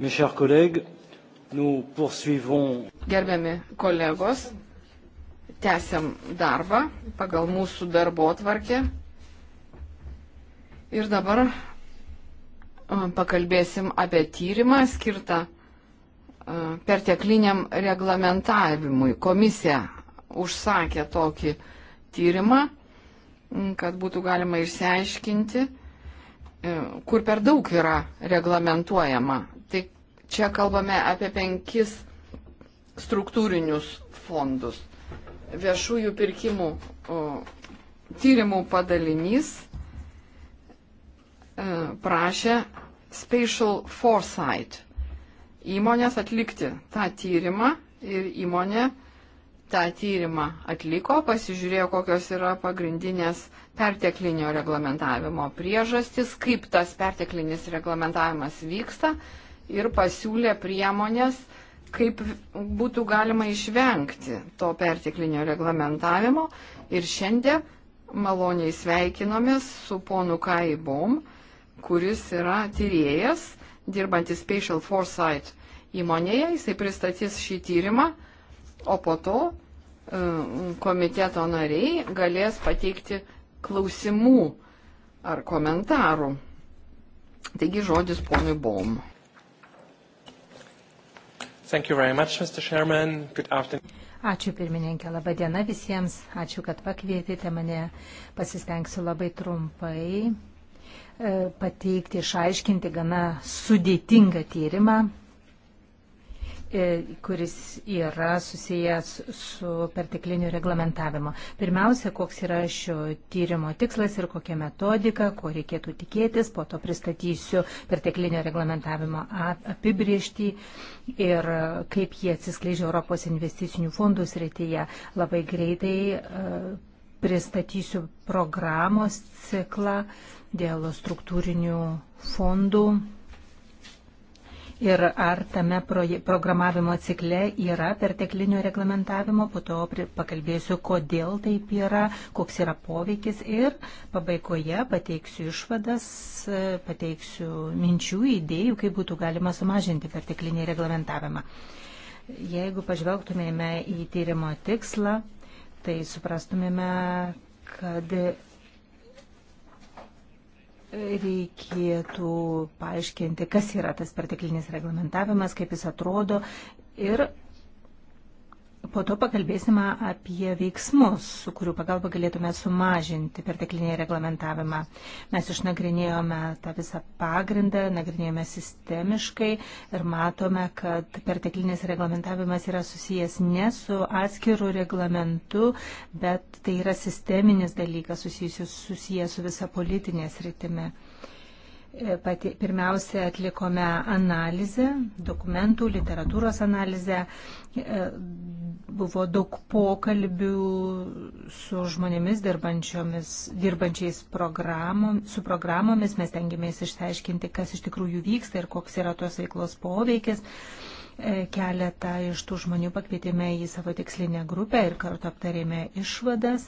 Gerbiami kolegos, tęsiam darbą pagal mūsų darbo tvarkę. Ir dabar pakalbėsim apie tyrimą skirtą pertekliniam reglamentavimui. Komisija užsakė tokį tyrimą, kad būtų galima išsiaiškinti, E, kur per daug yra reglamentuojama. Tai čia kalbame apie penkis struktūrinius fondus. Viešųjų pirkimų o, tyrimų padalinys e, prašė Spatial Foresight įmonės atlikti tą tyrimą ir įmonė e, tą tyrimą atliko, pasižiūrėjo, kokios yra pagrindinės perteklinio reglamentavimo priežastis, kaip tas perteklinis reglamentavimas vyksta ir pasiūlė priemonės, kaip būtų galima išvengti to perteklinio reglamentavimo. Ir šiandien maloniai sveikinomės su ponu Kaibom, kuris yra tyrėjas, dirbantis Spatial Foresight įmonėje. Jisai pristatys šį tyrimą, o po to E, komiteto nariai galės pateikti klausimų ar komentarų. Taigi žodis ponui Baum. Much, Ačiū pirmininkė, laba diena visiems. Ačiū, kad pakvietėte mane. Pasistengsiu labai trumpai e, pateikti, išaiškinti gana sudėtingą tyrimą E, kuris yra susijęs su pertekliniu reglamentavimu. Pirmiausia, koks yra šio tyrimo tikslas ir kokia metodika, ko reikėtų tikėtis, po to pristatysiu perteklinio reglamentavimo apibriežtį ir kaip jie atsiskleidžia Europos investicinių fondų srityje. Labai greitai e, pristatysiu programos ciklą dėl struktūrinių fondų ir ar tame programavimo cikle yra perteklinio reglamentavimo, po to pakalbėsiu, kodėl taip yra, koks yra poveikis ir pabaigoje pateiksiu išvadas, pateiksiu minčių, idėjų, kaip būtų galima sumažinti perteklinį reglamentavimą. Jeigu pažvelgtumėme į tyrimo tikslą, tai suprastumėme, kad reikėtų paaiškinti, kas yra tas perteklinis reglamentavimas, kaip jis atrodo ir Po to pakalbėsime apie veiksmus, su kurių pagalba galėtume sumažinti perteklinį reglamentavimą. Mes išnagrinėjome tą visą pagrindą, nagrinėjome sistemiškai ir matome, kad perteklinis reglamentavimas yra susijęs ne su atskiru reglamentu, bet tai yra sisteminis dalykas susijęs, susijęs su visa politinė sritime. E, pati, pirmiausia, atlikome analizę, dokumentų, literatūros analizę. E, buvo daug pokalbių su žmonėmis dirbančiais programom, su programomis. Mes tengiamės išsiaiškinti, kas iš tikrųjų vyksta ir koks yra tos veiklos poveikis. Po E, keletą iš tų žmonių pakvietėme į savo tikslinę grupę ir kartu aptarėme išvadas.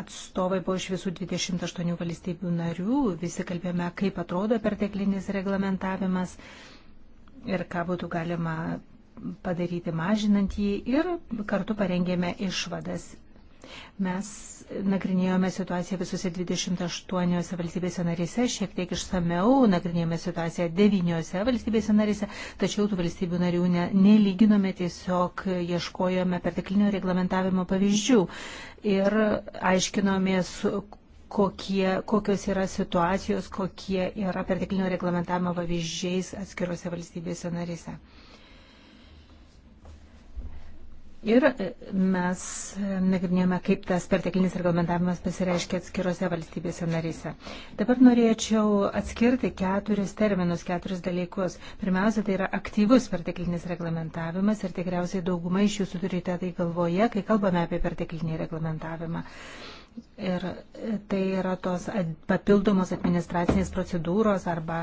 Atstovai buvo iš visų 28 valstybių narių, visi kalbėjome, kaip atrodo perteklinis reglamentavimas ir ką būtų galima padaryti mažinant jį ir kartu parengėme išvadas. Mes nagrinėjome situaciją visose 28 valstybėse narėse, šiek tiek išsameu nagrinėjome situaciją 9 valstybėse narėse, tačiau tų valstybių narių ne, nelyginome, tiesiog ieškojome perteklinio reglamentavimo pavyzdžių ir aiškinomės, kokie, kokios yra situacijos, kokie yra perteklinio reglamentavimo pavyzdžiais atskirose valstybėse narėse. Ir e, mes e, nagrinėjome, kaip tas perteklinis reglamentavimas pasireiškia atskirose valstybėse narėse. Dabar norėčiau atskirti keturis terminus, keturis dalykus. Pirmiausia, tai yra aktyvus perteklinis reglamentavimas ir tikriausiai dauguma iš jūsų turite tai galvoje, kai kalbame apie perteklinį reglamentavimą. Ir tai yra tos papildomos administracinės procedūros arba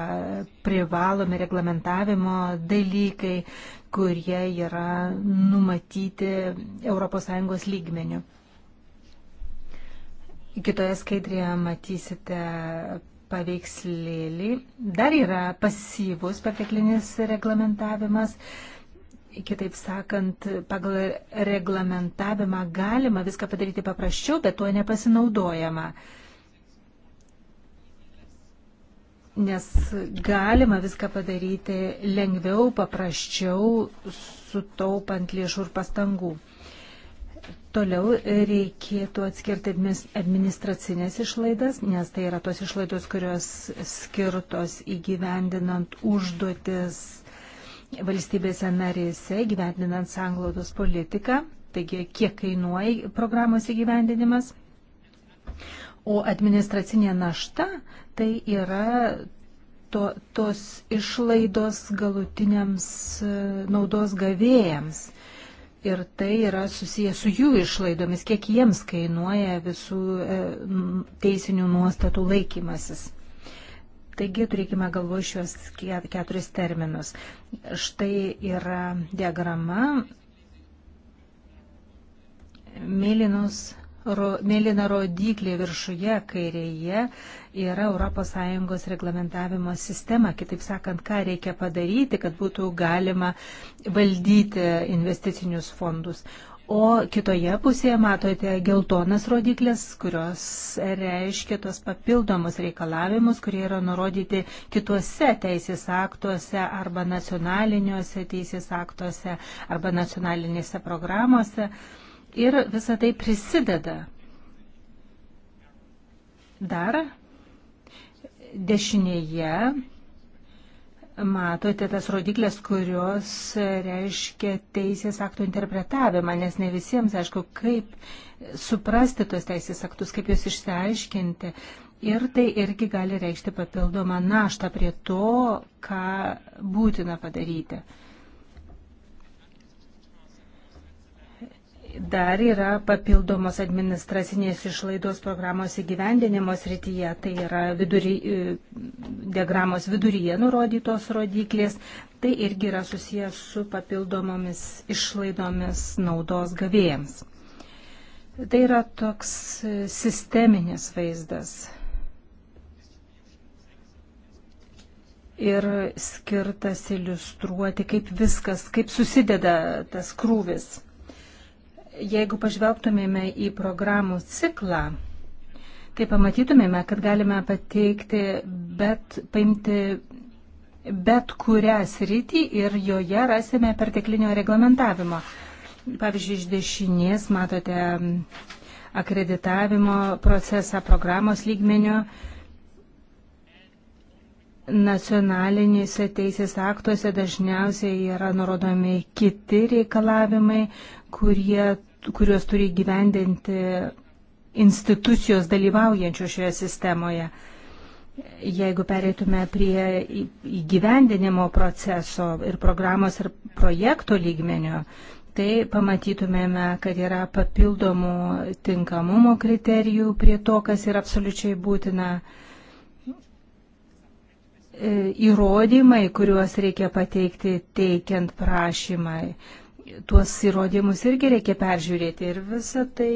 privalomi reglamentavimo dalykai, kurie yra numatyti ES lygmenių. Kitoje skaidrėje matysite paveikslėlį. Dar yra pasyvus perteklinis reglamentavimas. E, Kitaip sakant, pagal reglamentavimą galima viską padaryti paprasčiau, bet tuo nepasinaudojama. Nes galima viską padaryti lengviau, paprasčiau, sutaupant lėšų ir pastangų. Toliau reikėtų atskirti administracinės išlaidas, nes tai yra tos išlaidos, kurios skirtos įgyvendinant užduotis valstybėse narėse gyvendinant sanglaudos politiką, taigi kiek kainuoja programos įgyvendinimas. O administracinė našta tai yra to, tos išlaidos galutiniams e, naudos gavėjams. Ir tai yra susijęs su jų išlaidomis, kiek jiems kainuoja visų e, teisinių nuostatų laikymasis. Taigi turėkime galvo šios keturis terminus. Štai yra diagrama mėlynos Mėlyna rodiklė viršuje kairėje yra ES reglamentavimo sistema. Kitaip sakant, ką reikia padaryti, kad būtų galima valdyti investicinius fondus. O kitoje pusėje matote geltonas rodiklės, kurios reiškia tos papildomus reikalavimus, kurie yra nurodyti kituose teisės aktuose arba nacionaliniuose teisės aktuose arba nacionalinėse programuose. Ir visa tai prisideda. Dar dešinėje matote tas rodiklės, kurios e, reiškia teisės aktų interpretavimą, nes ne visiems, aišku, kaip suprasti tos teisės aktus, kaip juos išsiaiškinti. Ir tai irgi gali reikšti papildomą naštą prie to, ką būtina padaryti. dar yra papildomos administracinės išlaidos programos įgyvendinimo srityje, tai yra vidury, e, diagramos viduryje nurodytos rodiklės, tai irgi yra susijęs su papildomomis išlaidomis naudos gavėjams. Tai yra toks e, sisteminis vaizdas. ir skirtas iliustruoti, kaip viskas, kaip susideda tas krūvis jeigu pažvelgtumėme į programų ciklą, tai pamatytumėme, kad galime pateikti, bet paimti bet kurią sritį ir joje rasime perteklinio reglamentavimo. Pavyzdžiui, iš dešinės matote akreditavimo procesą programos lygmenio. Nacionalinėse teisės aktuose dažniausiai yra nurodomi kiti reikalavimai, kurie, kuriuos turi gyvendinti institucijos dalyvaujančios šioje sistemoje. Jeigu pereitume prie įgyvendinimo proceso ir programos ir projekto lygmenio, tai pamatytumėme, kad yra papildomų tinkamumo kriterijų prie to, kas yra absoliučiai būtina. E, įrodymai, kuriuos reikia pateikti teikiant prašymai tuos įrodymus irgi reikia peržiūrėti. Ir visa tai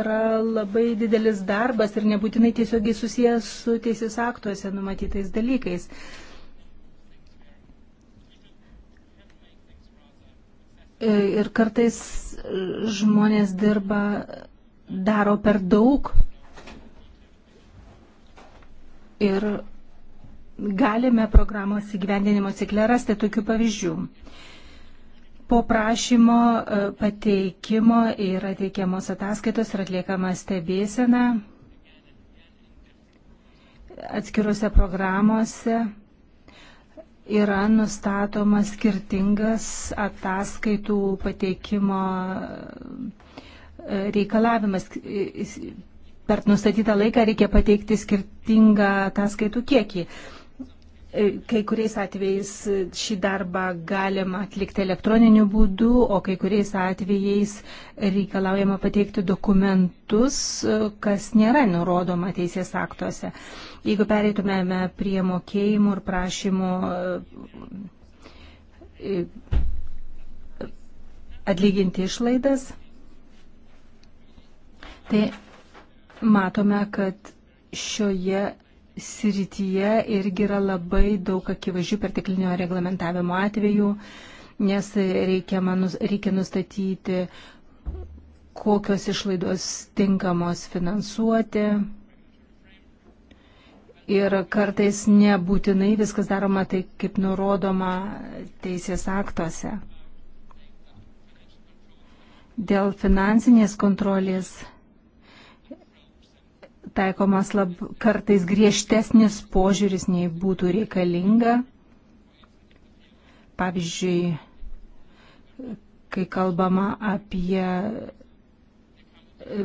yra labai didelis darbas ir nebūtinai tiesiogiai susijęs su teisės aktuose numatytais dalykais. Ir kartais žmonės dirba, daro per daug. Ir galime programos įgyvendinimo cikle rasti tokių pavyzdžių. Po prašymo e, pateikimo yra teikiamos ataskaitos ir atliekama stebėsena atskiruose programuose yra nustatomas skirtingas ataskaitų pateikimo e, reikalavimas. Per nustatytą laiką reikia pateikti skirtingą ataskaitų kiekį. E, kai kuriais atvejais šį darbą galima atlikti elektroniniu būdu, o kai kuriais atvejais reikalaujama pateikti dokumentus, e, kas nėra nurodoma teisės aktuose. Jeigu pereitumėme prie mokėjimų ir prašymų e, atlyginti išlaidas, tai matome, kad šioje srityje irgi yra labai daug akivaizdžių perteklinio reglamentavimo atvejų, nes reikia, manus, reikia nustatyti, kokios išlaidos tinkamos finansuoti. Ir kartais nebūtinai viskas daroma tai, kaip nurodoma teisės aktuose. Dėl finansinės kontrolės taikomas lab, kartais griežtesnis požiūris nei būtų reikalinga. Pavyzdžiui, kai kalbama apie e,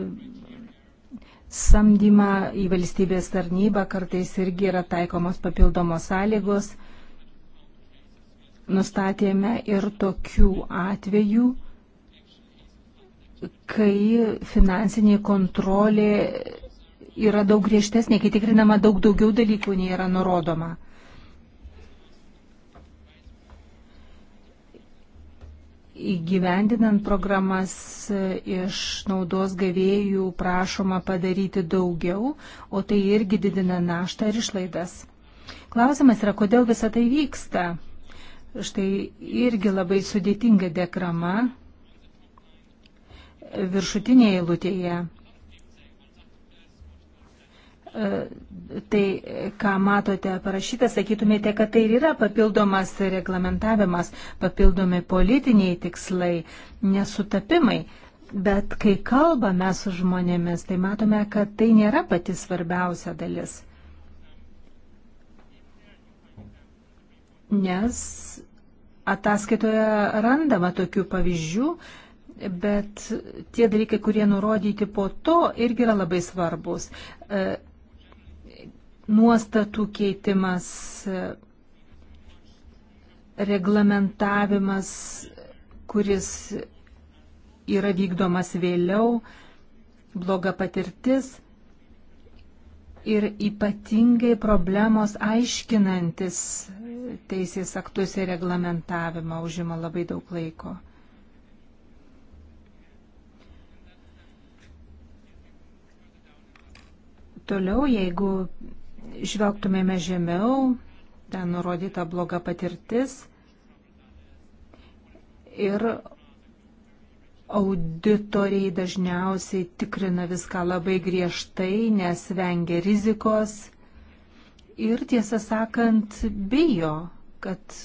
samdymą į valstybės tarnybą, kartais irgi yra taikomos papildomos sąlygos. Nustatėme ir tokių atvejų, kai finansinė kontrolė yra daug griežtesnė, kai tikrinama daug daugiau dalykų, nei yra nurodoma. Įgyvendinant programas iš naudos gavėjų prašoma padaryti daugiau, o tai irgi didina naštą ir išlaidas. Klausimas yra, kodėl visa tai vyksta. Štai irgi labai sudėtinga dekrama viršutinėje eilutėje tai, ką matote parašyta, sakytumėte, kad tai ir yra papildomas reglamentavimas, papildomi politiniai tikslai, nesutapimai. Bet kai kalbame su žmonėmis, tai matome, kad tai nėra pati svarbiausia dalis. Nes ataskaitoje randama tokių pavyzdžių, bet tie dalykai, kurie nurodyti po to, irgi yra labai svarbus. E, nuostatų keitimas, reglamentavimas, kuris yra vykdomas vėliau, bloga patirtis ir ypatingai problemos aiškinantis teisės aktus ir reglamentavimą užima labai daug laiko. Toliau, jeigu žvelgtumėme žemiau, ten nurodyta bloga patirtis ir auditoriai dažniausiai tikrina viską labai griežtai, nes vengia rizikos ir tiesą sakant bijo, kad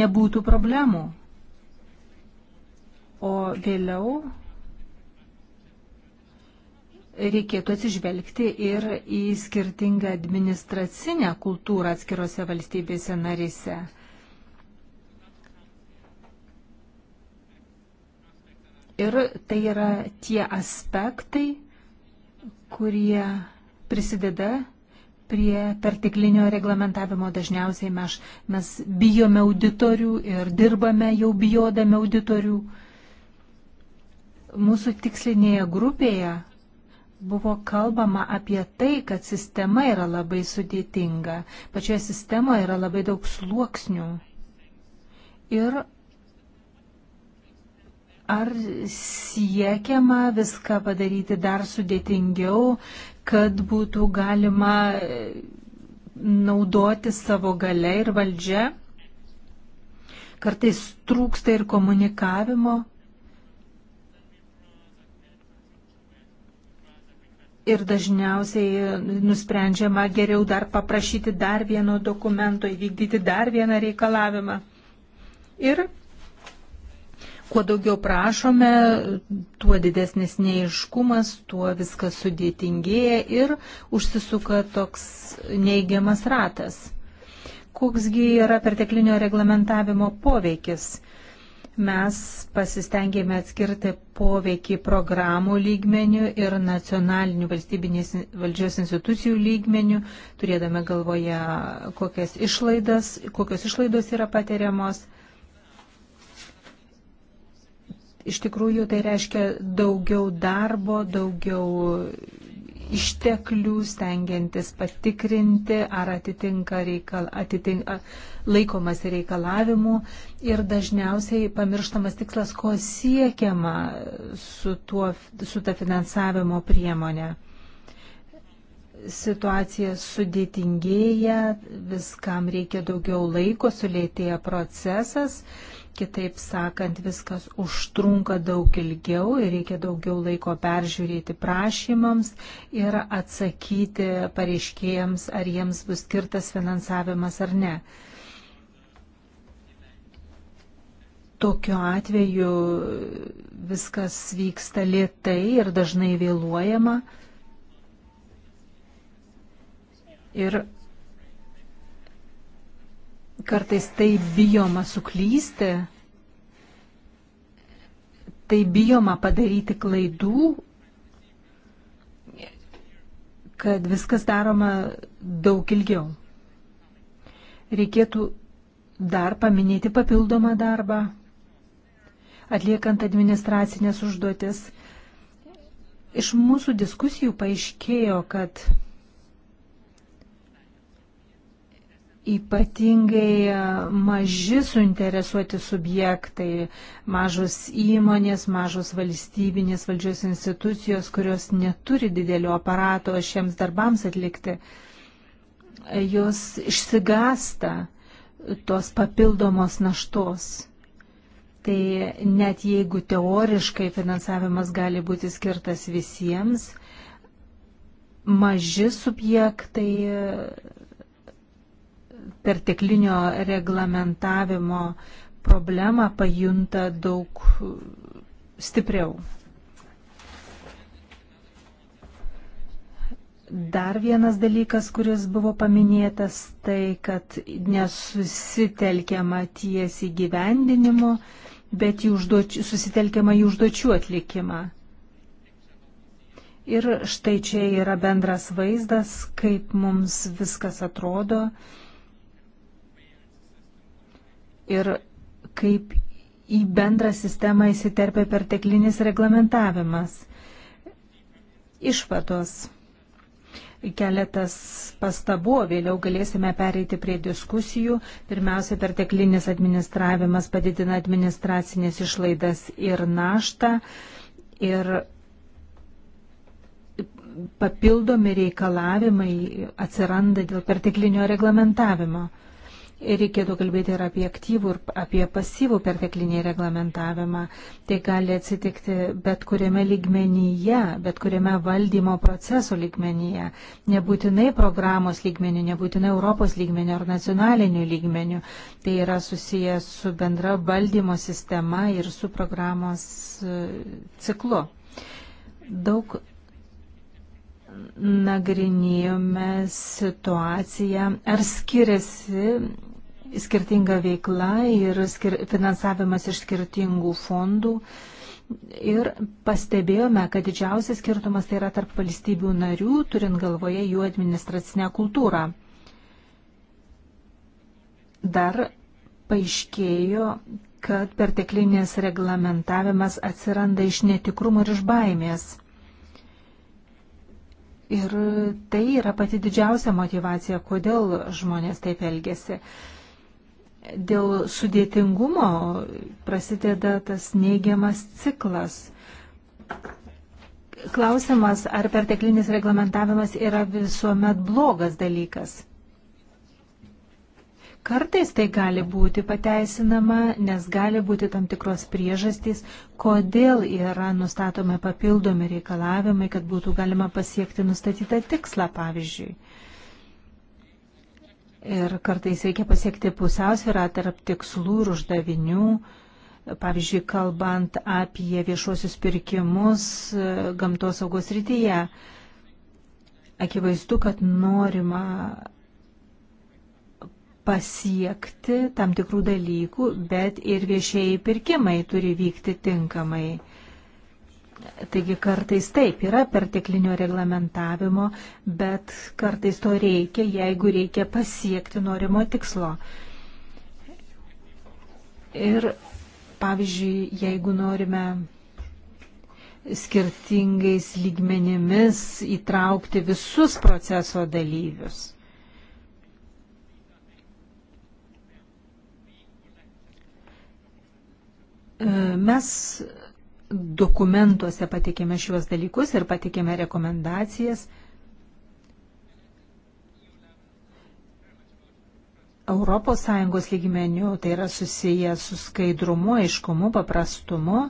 nebūtų problemų. O vėliau reikėtų atsižvelgti ir į skirtingą administracinę kultūrą atskirose valstybėse narise. Ir tai yra tie aspektai, kurie prisideda prie pertiklinio reglamentavimo. Dažniausiai mes, mes bijome auditorių ir dirbame jau bijodami auditorių. Mūsų tikslinėje grupėje buvo kalbama apie tai, kad sistema yra labai sudėtinga. Pačioje sistemoje yra labai daug sluoksnių. Ir ar siekiama viską padaryti dar sudėtingiau, kad būtų galima e, naudoti savo gale ir valdžia? Kartais trūksta ir komunikavimo Ir dažniausiai nusprendžiama geriau dar paprašyti dar vieno dokumento, įvykdyti dar vieną reikalavimą. Ir kuo daugiau prašome, tuo didesnis neiškumas, tuo viskas sudėtingėja ir užsisuka toks neigiamas ratas. Koksgi yra perteklinio reglamentavimo poveikis? Mes pasistengėme atskirti poveikį programų lygmenių ir nacionalinių valstybinės valdžios institucijų lygmenių, turėdami galvoje, kokias išlaidas, kokios išlaidos yra patiriamos iš tikrųjų tai reiškia daugiau darbo, daugiau išteklių, stengiantis patikrinti, ar atitinka reikal, atitinka, laikomas reikalavimų ir dažniausiai pamirštamas tikslas, ko siekiama su, tuo, su ta finansavimo priemonė. Situacija sudėtingėja, viskam reikia daugiau laiko, sulėtėja procesas, kitaip sakant, viskas užtrunka daug ilgiau ir reikia daugiau laiko peržiūrėti prašymams ir atsakyti pareiškėjams, ar jiems bus skirtas finansavimas ar ne. Tokiu atveju viskas vyksta lietai ir dažnai vėluojama. Ir kartais tai bijoma suklysti, tai bijoma padaryti klaidų, kad viskas daroma daug ilgiau. Reikėtų dar paminėti papildomą darbą atliekant administracinės užduotis. Iš mūsų diskusijų paaiškėjo, kad ypatingai maži suinteresuoti subjektai, mažos įmonės, mažos valstybinės valdžios institucijos, kurios neturi didelio aparato šiems darbams atlikti, jos išsigasta tos papildomos naštos. Tai net jeigu teoriškai finansavimas gali būti skirtas visiems, maži subjektai perteklinio reglamentavimo problemą pajunta daug stipriau. Dar vienas dalykas, kuris buvo paminėtas, tai kad nesusitelkiama ties įgyvendinimu, gyvendinimu bet užduočių, susitelkiama į užduočių atlikimą. Ir štai čia yra bendras vaizdas, kaip mums viskas atrodo ir kaip į bendrą sistemą įsiterpia perteklinis reglamentavimas. Išvados keletas pastabų, vėliau galėsime pereiti prie diskusijų. Pirmiausia, perteklinis administravimas padidina administracinės išlaidas ir naštą. Ir papildomi reikalavimai atsiranda dėl perteklinio reglamentavimo. Reikėtų kalbėti ir apie aktyvų, ir apie pasyvų perteklinį reglamentavimą. Tai gali atsitikti bet kuriame lygmenyje, bet kuriame valdymo proceso lygmenyje. Nebūtinai programos lygmenių, nebūtinai Europos lygmenių ar nacionalinių lygmenių. Tai yra susijęs su bendra valdymo sistema ir su programos e, ciklu. Daug nagrinėjome situaciją, ar skiriasi skirtinga veikla ir skir finansavimas iš skirtingų fondų. Ir pastebėjome, kad didžiausias skirtumas tai yra tarp valstybių narių, turint galvoje jų administracinę kultūrą. Dar paaiškėjo, kad perteklinės reglamentavimas atsiranda iš netikrumo ir iš baimės. Ir tai yra pati didžiausia motivacija, kodėl žmonės taip elgesi dėl sudėtingumo prasideda tas neigiamas ciklas. Klausimas, ar perteklinis reglamentavimas yra visuomet blogas dalykas. Kartais tai gali būti pateisinama, nes gali būti tam tikros priežastys, kodėl yra nustatomi papildomi reikalavimai, kad būtų galima pasiekti nustatytą tikslą, pavyzdžiui. Ir kartais reikia pasiekti pusiausvyrą tarp tikslų ir uždavinių. Pavyzdžiui, kalbant apie viešuosius pirkimus e, gamtos saugos rytyje, akivaizdu, kad norima pasiekti tam tikrų dalykų, bet ir viešieji pirkimai turi vykti tinkamai. Taigi kartais taip yra perteklinio reglamentavimo, bet kartais to reikia, jeigu reikia pasiekti norimo tikslo. Ir pavyzdžiui, jeigu norime skirtingais lygmenimis įtraukti visus proceso dalyvius. Mes dokumentuose patikėme šiuos dalykus ir patikėme rekomendacijas. ES lygmenių tai yra susiję su skaidrumu, aiškumu, paprastumu,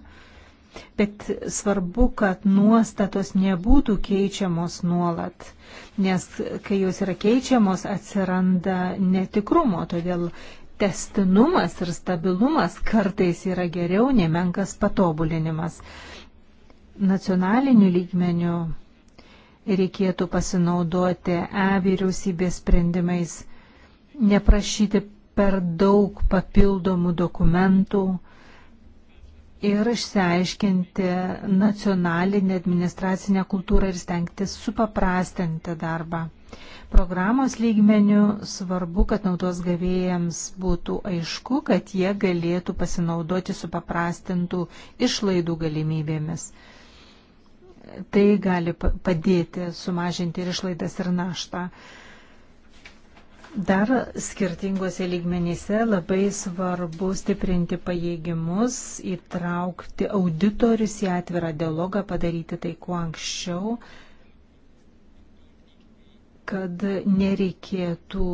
bet svarbu, kad nuostatos nebūtų keičiamos nuolat, nes kai jos yra keičiamos, atsiranda netikrumo, todėl testinumas ir stabilumas kartais yra geriau nei menkas patobulinimas. Nacionaliniu lygmeniu reikėtų pasinaudoti E vyriausybės sprendimais, neprašyti per daug papildomų dokumentų ir išsiaiškinti nacionalinę administracinę kultūrą ir stengtis supaprastinti darbą. Programos lygmenių svarbu, kad naudos gavėjams būtų aišku, kad jie galėtų pasinaudoti supaprastintų išlaidų galimybėmis. Tai gali padėti sumažinti ir išlaidas ir naštą. Dar skirtingose lygmenyse labai svarbu stiprinti pajėgimus, įtraukti auditorius į atvirą dialogą, padaryti tai kuo anksčiau kad nereikėtų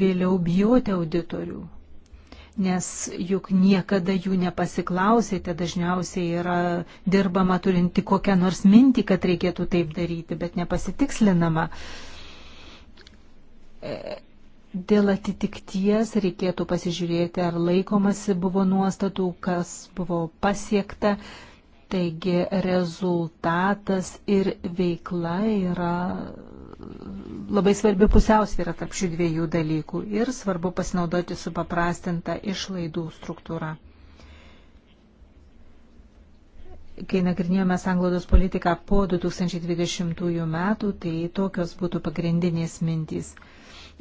vėliau bijoti auditorių, nes juk niekada jų nepasiklausėte, dažniausiai yra dirbama turinti kokią nors mintį, kad reikėtų taip daryti, bet nepasitikslinama. E, dėl atitikties reikėtų pasižiūrėti, ar laikomasi buvo nuostatų, kas buvo pasiekta. Taigi rezultatas ir veikla yra labai svarbi pusiausvyrą tarp šių dviejų dalykų ir svarbu pasinaudoti supaprastintą išlaidų struktūrą. Kai nagrinėjome sanglaudos politiką po 2020 metų, tai tokios būtų pagrindinės mintys.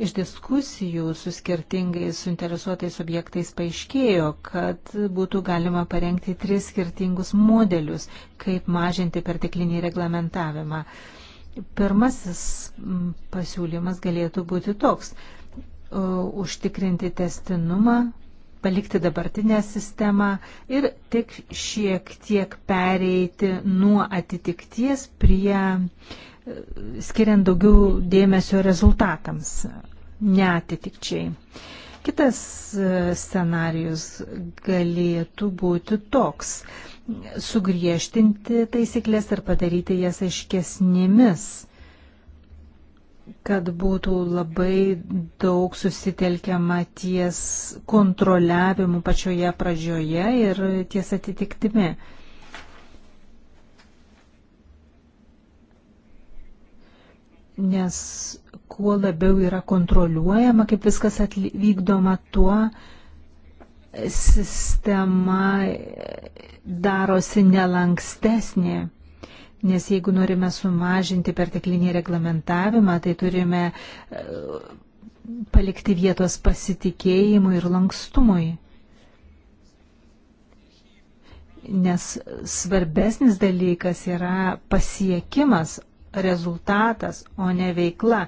Iš diskusijų su skirtingais suinteresuotais objektais paaiškėjo, kad būtų galima parengti tris skirtingus modelius, kaip mažinti perteklinį reglamentavimą. Pirmasis pasiūlymas galėtų būti toks - užtikrinti testinumą, palikti dabartinę sistemą ir tik šiek tiek pereiti nuo atitikties prie e, skiriant daugiau dėmesio rezultatams, netitikčiai. Kitas e, scenarius galėtų būti toks sugriežtinti taisyklės ir padaryti jas aiškesnėmis, kad būtų labai daug susitelkiama ties kontroliavimu pačioje pradžioje ir ties atitiktimi. Nes kuo labiau yra kontroliuojama, kaip viskas vykdoma, tuo uh, sistema darosi nelankstesnė. Nes jeigu norime sumažinti perteklinį reglamentavimą, tai turime e, palikti vietos pasitikėjimui ir lankstumui. Nes svarbesnis dalykas yra pasiekimas, rezultatas, o ne veikla.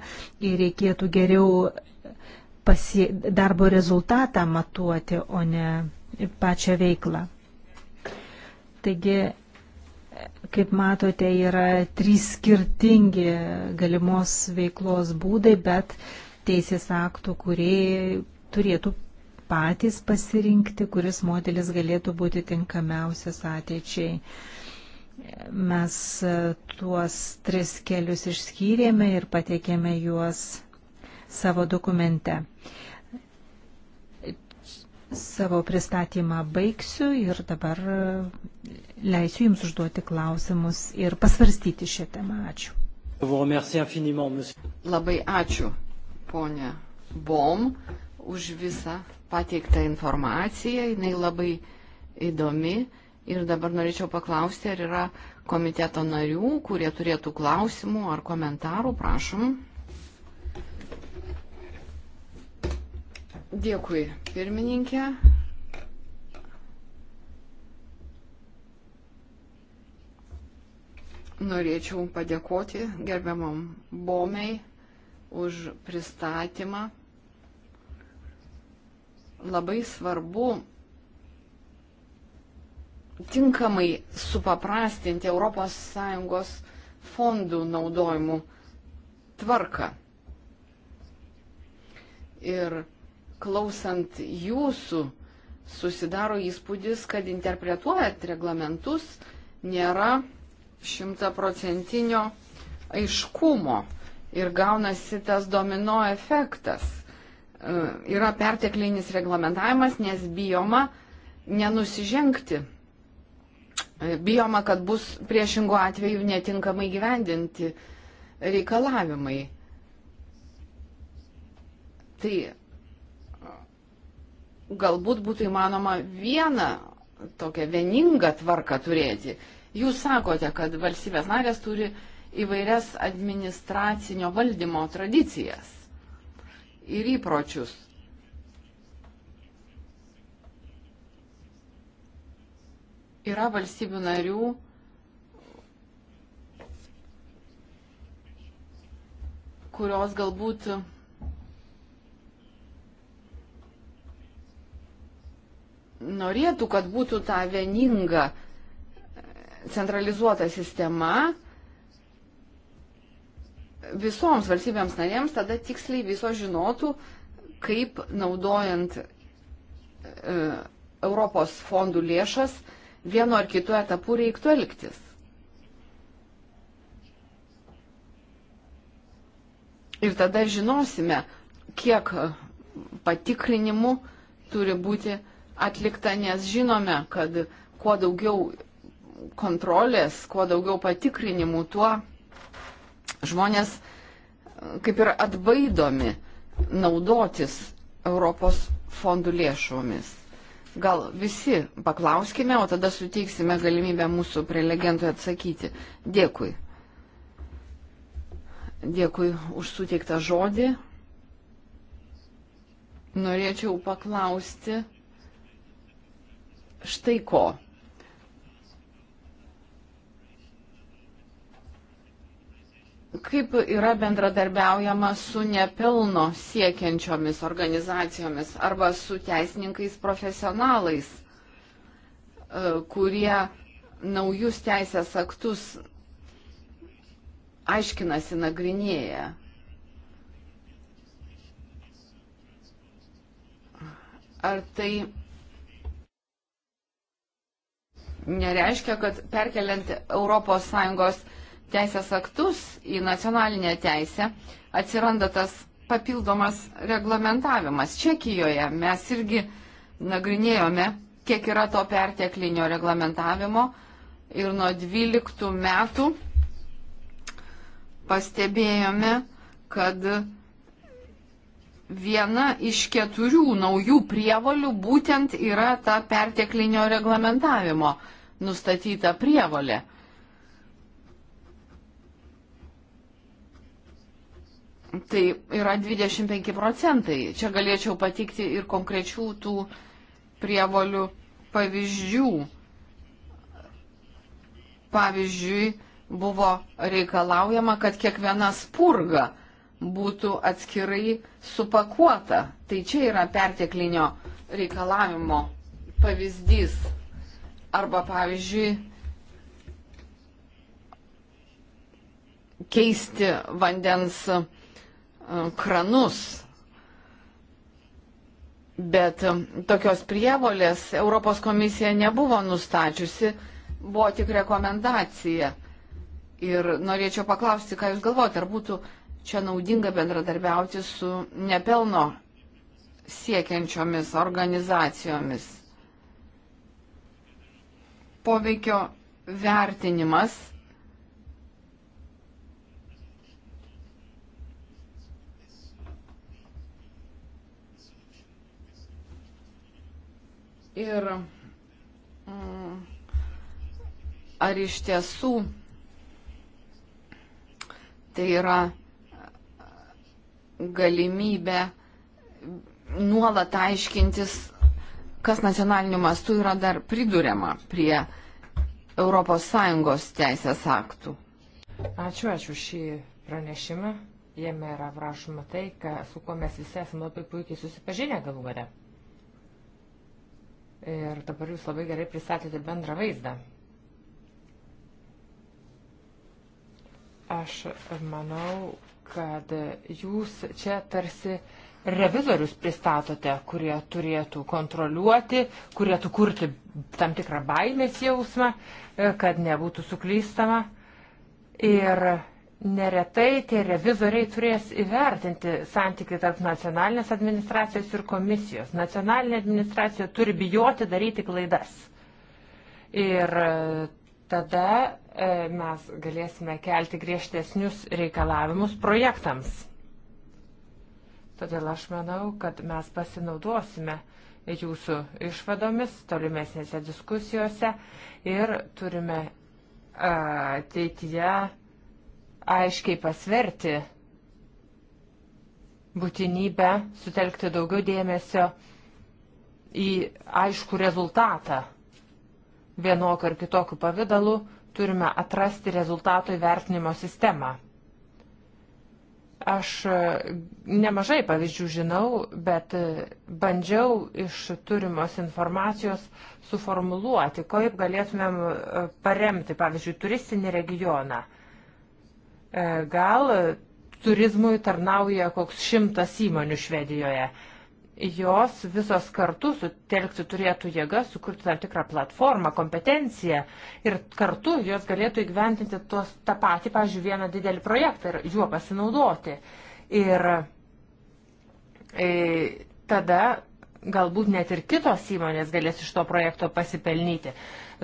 Ir reikėtų geriau pasie, darbo rezultatą matuoti, o ne pačią veiklą. Taigi, kaip matote, yra trys skirtingi galimos veiklos būdai, bet teisės aktų, kurie turėtų patys pasirinkti, kuris modelis galėtų būti tinkamiausias ateičiai. Mes tuos tris kelius išskyrėme ir pateikėme juos savo dokumente. Savo pristatymą baigsiu ir dabar leisiu Jums užduoti klausimus ir pasvarstyti šią temą. Ačiū. Labai ačiū, ponė Bom, už visą pateiktą informaciją. Jis labai įdomi. Ir dabar norėčiau paklausti, ar yra komiteto narių, kurie turėtų klausimų ar komentarų, prašom. Dėkui, pirmininkė. Norėčiau padėkoti gerbiamam Bomei už pristatymą. Labai svarbu tinkamai supaprastinti ES fondų naudojimų tvarką. Ir klausant jūsų, susidaro įspūdis, kad interpretuojat reglamentus nėra šimtaprocentinio aiškumo ir gaunasi tas domino efektas. E, yra perteklinis reglamentavimas, nes bijoma nenusižengti. E, bijoma, kad bus priešingų atveju netinkamai gyvendinti reikalavimai. Tai galbūt būtų įmanoma vieną tokią vieningą tvarką turėti. Jūs sakote, kad valstybės narės turi įvairias administracinio valdymo tradicijas ir įpročius. Yra valstybių narių, kurios galbūt norėtų, kad būtų ta vieninga e, centralizuota sistema visoms valstybėms narėms, tada tiksliai visos žinotų, kaip naudojant e, Europos fondų lėšas vienu ar kitu etapu reiktų elgtis. Ir tada žinosime, kiek patikrinimų turi būti atlikta, nes žinome, kad kuo daugiau kontrolės, kuo daugiau patikrinimų, tuo žmonės e, kaip ir atbaidomi naudotis Europos fondų lėšomis. Gal visi paklauskime, o tada suteiksime galimybę mūsų prelegentui atsakyti. Dėkui. Dėkui už suteiktą žodį. Norėčiau paklausti štai ko. Kaip yra bendradarbiaujama su nepelno siekiančiomis organizacijomis arba su teisininkais profesionalais, e, kurie naujus teisės aktus aiškinasi, nagrinėja. Ar tai nereiškia, kad perkeliant ES teisės aktus į nacionalinę teisę atsiranda tas papildomas reglamentavimas. Čekijoje mes irgi nagrinėjome, kiek yra to perteklinio reglamentavimo ir nuo 12 metų pastebėjome, kad viena iš keturių naujų prievalių būtent yra ta perteklinio reglamentavimo nustatyta prievalė. Tai yra 25 procentai. Čia galėčiau patikti ir konkrečių tų prievalių pavyzdžių. Pavyzdžiui, buvo reikalaujama, kad kiekviena spurga būtų atskirai supakuota. Tai čia yra perteklinio reikalavimo pavyzdys. Arba, pavyzdžiui, keisti vandens e, kranus. Bet e, tokios prievolės Europos komisija nebuvo nustačiusi, buvo tik rekomendacija. Ir norėčiau paklausti, ką Jūs galvojate, ar būtų čia naudinga bendradarbiauti su nepelno siekiančiomis organizacijomis. Poveikio vertinimas ir mm, ar iš tiesų tai yra galimybę nuolat aiškintis, kas nacionaliniu mastu yra dar priduriama prie ES teisės aktų. Ačiū, ačiū šį pranešimą. Jame yra rašoma tai, ką, su kuo mes visi esame labai puikiai susipažinę galų gale. Ir dabar jūs labai gerai pristatėte bendrą vaizdą. Aš manau, kad jūs čia tarsi revizorius pristatote, kurie turėtų kontroliuoti, kurie turėtų kurti tam tikrą baimės jausmą, e, kad nebūtų suklystama. Ir neretai tie revizoriai turės įvertinti santykių tarp nacionalinės administracijos ir komisijos. Nacionalinė administracija turi bijoti daryti klaidas. Ir e, tada E, mes galėsime kelti griežtesnius reikalavimus projektams. Todėl aš manau, kad mes pasinaudosime jūsų išvadomis tolimesnėse diskusijose ir turime e, ateityje aiškiai pasverti būtinybę sutelkti daugiau dėmesio į aišku rezultatą vienokiu ar kitokiu pavydalu turime atrasti rezultato įvertinimo sistemą. Aš e, nemažai pavyzdžių žinau, bet e, bandžiau iš turimos informacijos suformuluoti, kaip galėtumėm e, paremti, pavyzdžiui, turistinį regioną. Gal turizmui tarnauja koks šimtas įmonių Švedijoje jos visos kartu sutelkti turėtų jėgas, sukurti tam tikrą platformą, kompetenciją ir kartu jos galėtų įgyventinti tos, tą patį, pavyzdžiui, vieną didelį projektą ir juo pasinaudoti. Ir e, tada galbūt net ir kitos įmonės galės iš to projekto pasipelnyti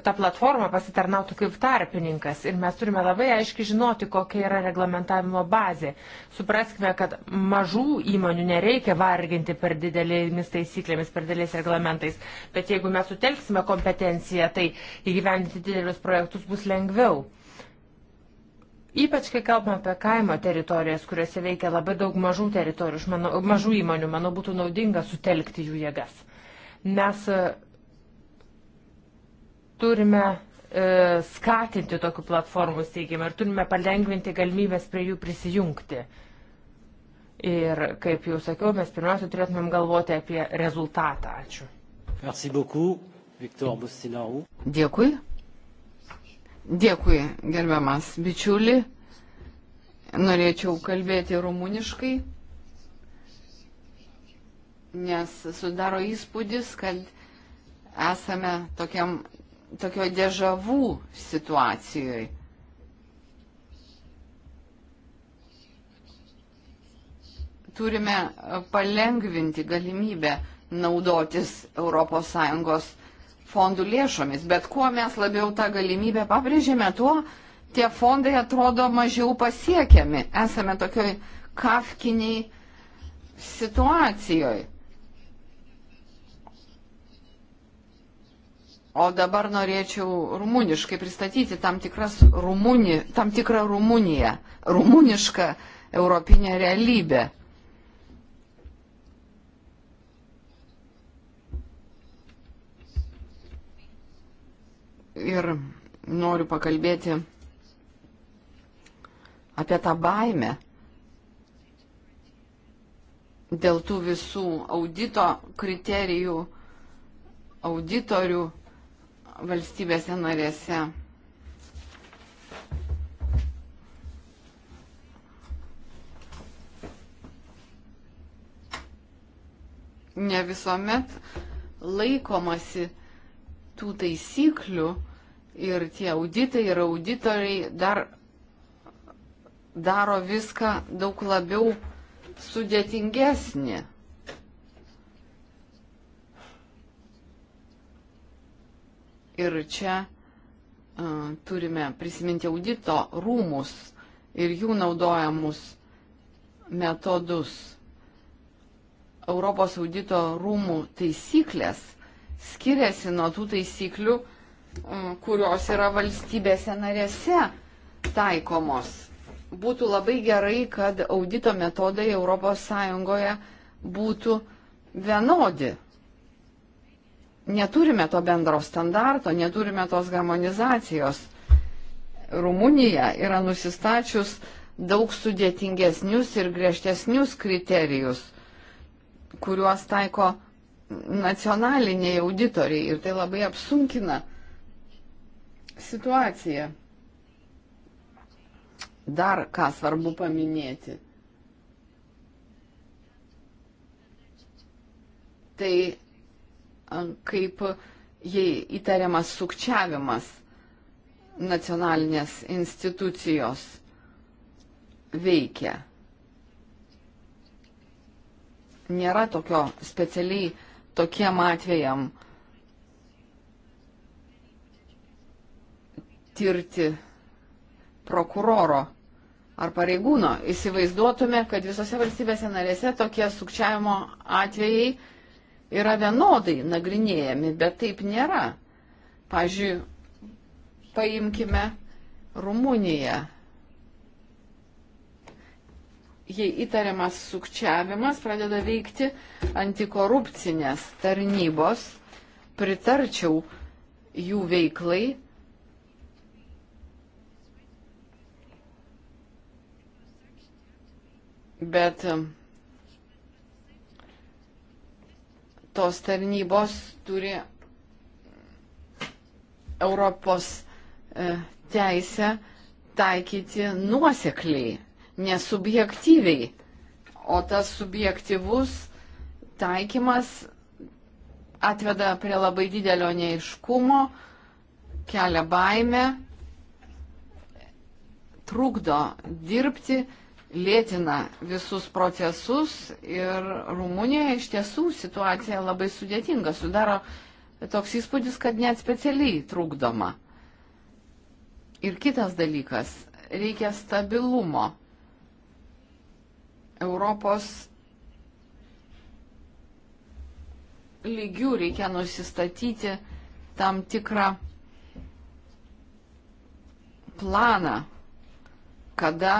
ta platforma pasitarnautų kaip tarpininkas. Ir mes turime labai aiškiai žinoti, kokia yra reglamentavimo bazė. Supraskime, kad mažų įmonių nereikia varginti per didelėmis taisyklėmis, per dideliais reglamentais. Bet jeigu mes sutelksime kompetenciją, tai įgyvendinti didelius projektus bus lengviau. Ypač, kai kalbame apie kaimo teritorijas, kuriuose veikia labai daug mažų teritorijų, manau, mažų įmonių, manau, būtų naudinga sutelkti jų jėgas. Mes turime e, skatinti tokių platformų steigimą ir turime palengvinti galimybės prie jų prisijungti. Ir, kaip jau sakiau, mes pirmiausia turėtumėm galvoti apie rezultatą. Ačiū. Merci beaucoup, Viktor Bustinaru. Dėkui. Dėkui, gerbiamas bičiuli. Norėčiau kalbėti rumuniškai, nes sudaro įspūdis, kad esame tokiam tokio dėžavų situacijoje. Turime palengvinti galimybę naudotis ES fondų lėšomis, bet kuo mes labiau tą galimybę pabrėžėme, tuo tie fondai atrodo mažiau pasiekiami. Esame tokioj kafkiniai situacijoje O dabar norėčiau rumuniškai pristatyti tam, rumuni, tam tikrą Rumuniją, rumunišką europinę realybę. Ir noriu pakalbėti apie tą baimę dėl tų visų audito kriterijų, auditorių valstybėse narėse. Ne visuomet laikomasi tų taisyklių ir tie auditai ir auditoriai dar daro viską daug labiau sudėtingesnį. Ir čia uh, turime prisiminti audito rūmus ir jų naudojamus metodus. Europos audito rūmų taisyklės skiriasi nuo tų taisyklių, e, kurios yra valstybėse narėse taikomos. Būtų labai gerai, kad audito metodai ES būtų vienodi neturime to bendro standarto, neturime tos harmonizacijos. Rumunija yra nusistačius daug sudėtingesnius ir griežtesnius kriterijus, kuriuos taiko nacionaliniai auditoriai ir tai labai apsunkina situaciją. Dar ką svarbu paminėti. Tai kaip jei įtariamas sukčiavimas nacionalinės institucijos veikia. Nėra tokio specialiai tokiem atvejam tirti prokuroro ar pareigūno. Įsivaizduotume, kad visose valstybėse narėse tokie sukčiavimo atvejai yra vienodai nagrinėjami, bet taip nėra. Pavyzdžiui, paimkime Rumuniją. Jei įtariamas sukčiavimas pradeda veikti antikorupcinės tarnybos, pritarčiau jų veiklai. Bet tos tarnybos turi Europos e, teisę taikyti nuosekliai, nesubjektyviai. O tas subjektivus taikymas atveda prie labai didelio neiškumo, kelia baimę, trukdo dirbti lėtina visus procesus ir Rumunijoje iš tiesų situacija labai sudėtinga. Sudaro toks įspūdis, kad net specialiai trukdoma. Ir kitas dalykas, reikia stabilumo. Europos lygių reikia nusistatyti tam tikrą planą, kada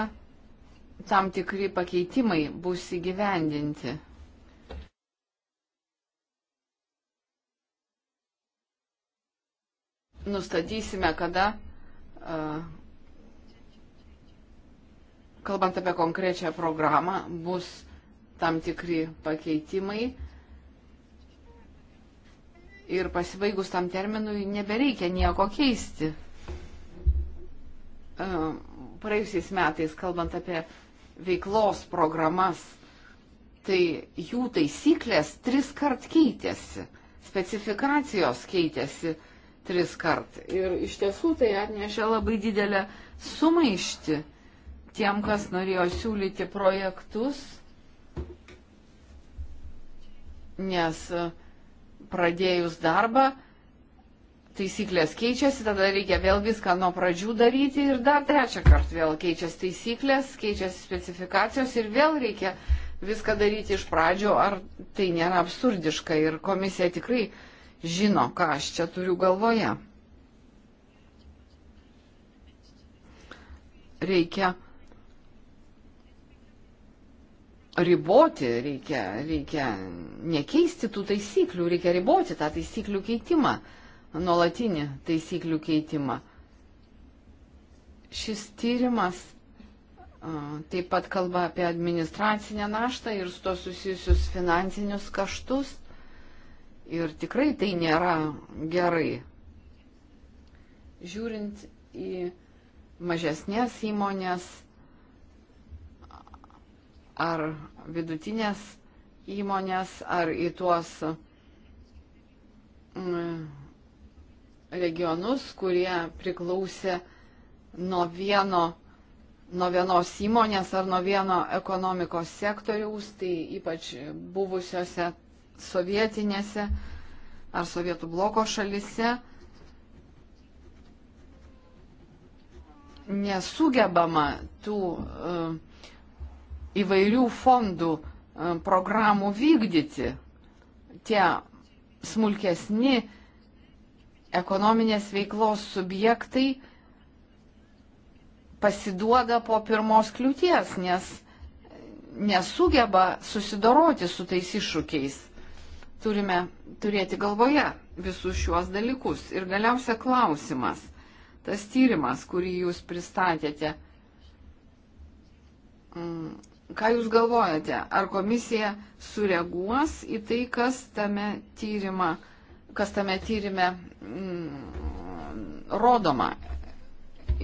tam tikri pakeitimai bus įgyvendinti. Nustatysime, kada, kalbant apie konkrečią programą, bus tam tikri pakeitimai ir pasibaigus tam terminui nebereikia nieko keisti praėjusiais metais, kalbant apie veiklos programas, tai jų taisyklės tris kart keitėsi, specifikacijos keitėsi tris kart. Ir iš tiesų tai atnešė labai didelę sumaišti tiem, kas norėjo siūlyti projektus, nes pradėjus darbą, taisyklės keičiasi, tada reikia vėl viską nuo pradžių daryti ir dar trečią kartą vėl keičiasi taisyklės, keičiasi specifikacijos ir vėl reikia viską daryti iš pradžio, ar tai nėra absurdiška ir komisija tikrai žino, ką aš čia turiu galvoje. Reikia riboti, reikia, reikia nekeisti tų taisyklių, reikia riboti tą taisyklių keitimą nuolatinį taisyklių keitimą. Šis tyrimas taip pat kalba apie administracinę naštą ir su to susijusius finansinius kaštus. Ir tikrai tai nėra gerai. Žiūrint į mažesnės įmonės ar vidutinės įmonės ar į tuos mm, regionus, kurie priklausė nuo, vieno, nuo vienos įmonės ar nuo vieno ekonomikos sektoriaus, tai ypač buvusiose sovietinėse ar sovietų bloko šalise, nesugebama tų uh, įvairių fondų uh, programų vykdyti. Tie smulkesni uh, ekonominės veiklos subjektai pasiduoda po pirmos kliūties, nes nesugeba susidoroti su tais iššūkiais. Turime turėti galvoje visus šiuos dalykus. Ir galiausia klausimas, tas tyrimas, kurį jūs pristatėte, mm, ką jūs galvojate, ar komisija sureaguos į tai, kas tame tyrimą kas tame tyrimė mm, rodoma.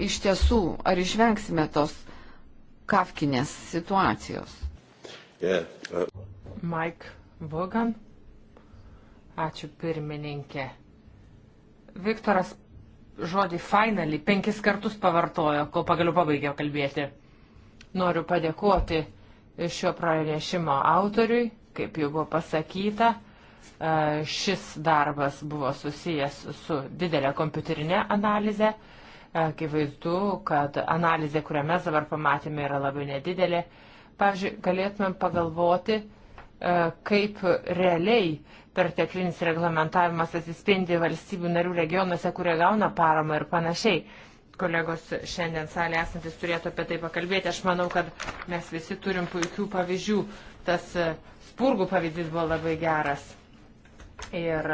Iš tiesų, ar išvengsime tos kafkinės situacijos? Yeah. Uh. Mike Vogan. Ačiū pirmininkė. Viktoras žodį finally penkis kartus pavartojo, kol pagaliau pabaigė kalbėti. Noriu padėkoti šio pranešimo autoriui, kaip jau buvo pasakyta Šis darbas buvo susijęs su didelė kompiuterinė analizė. Akivaizdu, kad analizė, kurią mes dabar pamatėme, yra labai nedidelė. Pavyzdžiui, galėtumėm pagalvoti, kaip realiai perteklinis reglamentavimas atsispindi valstybių narių regionuose, kurie gauna paramą ir panašiai. Kolegos šiandien salė esantis turėtų apie tai pakalbėti. Aš manau, kad mes visi turim puikių pavyzdžių. Tas spurgų pavyzdys buvo labai geras. Ir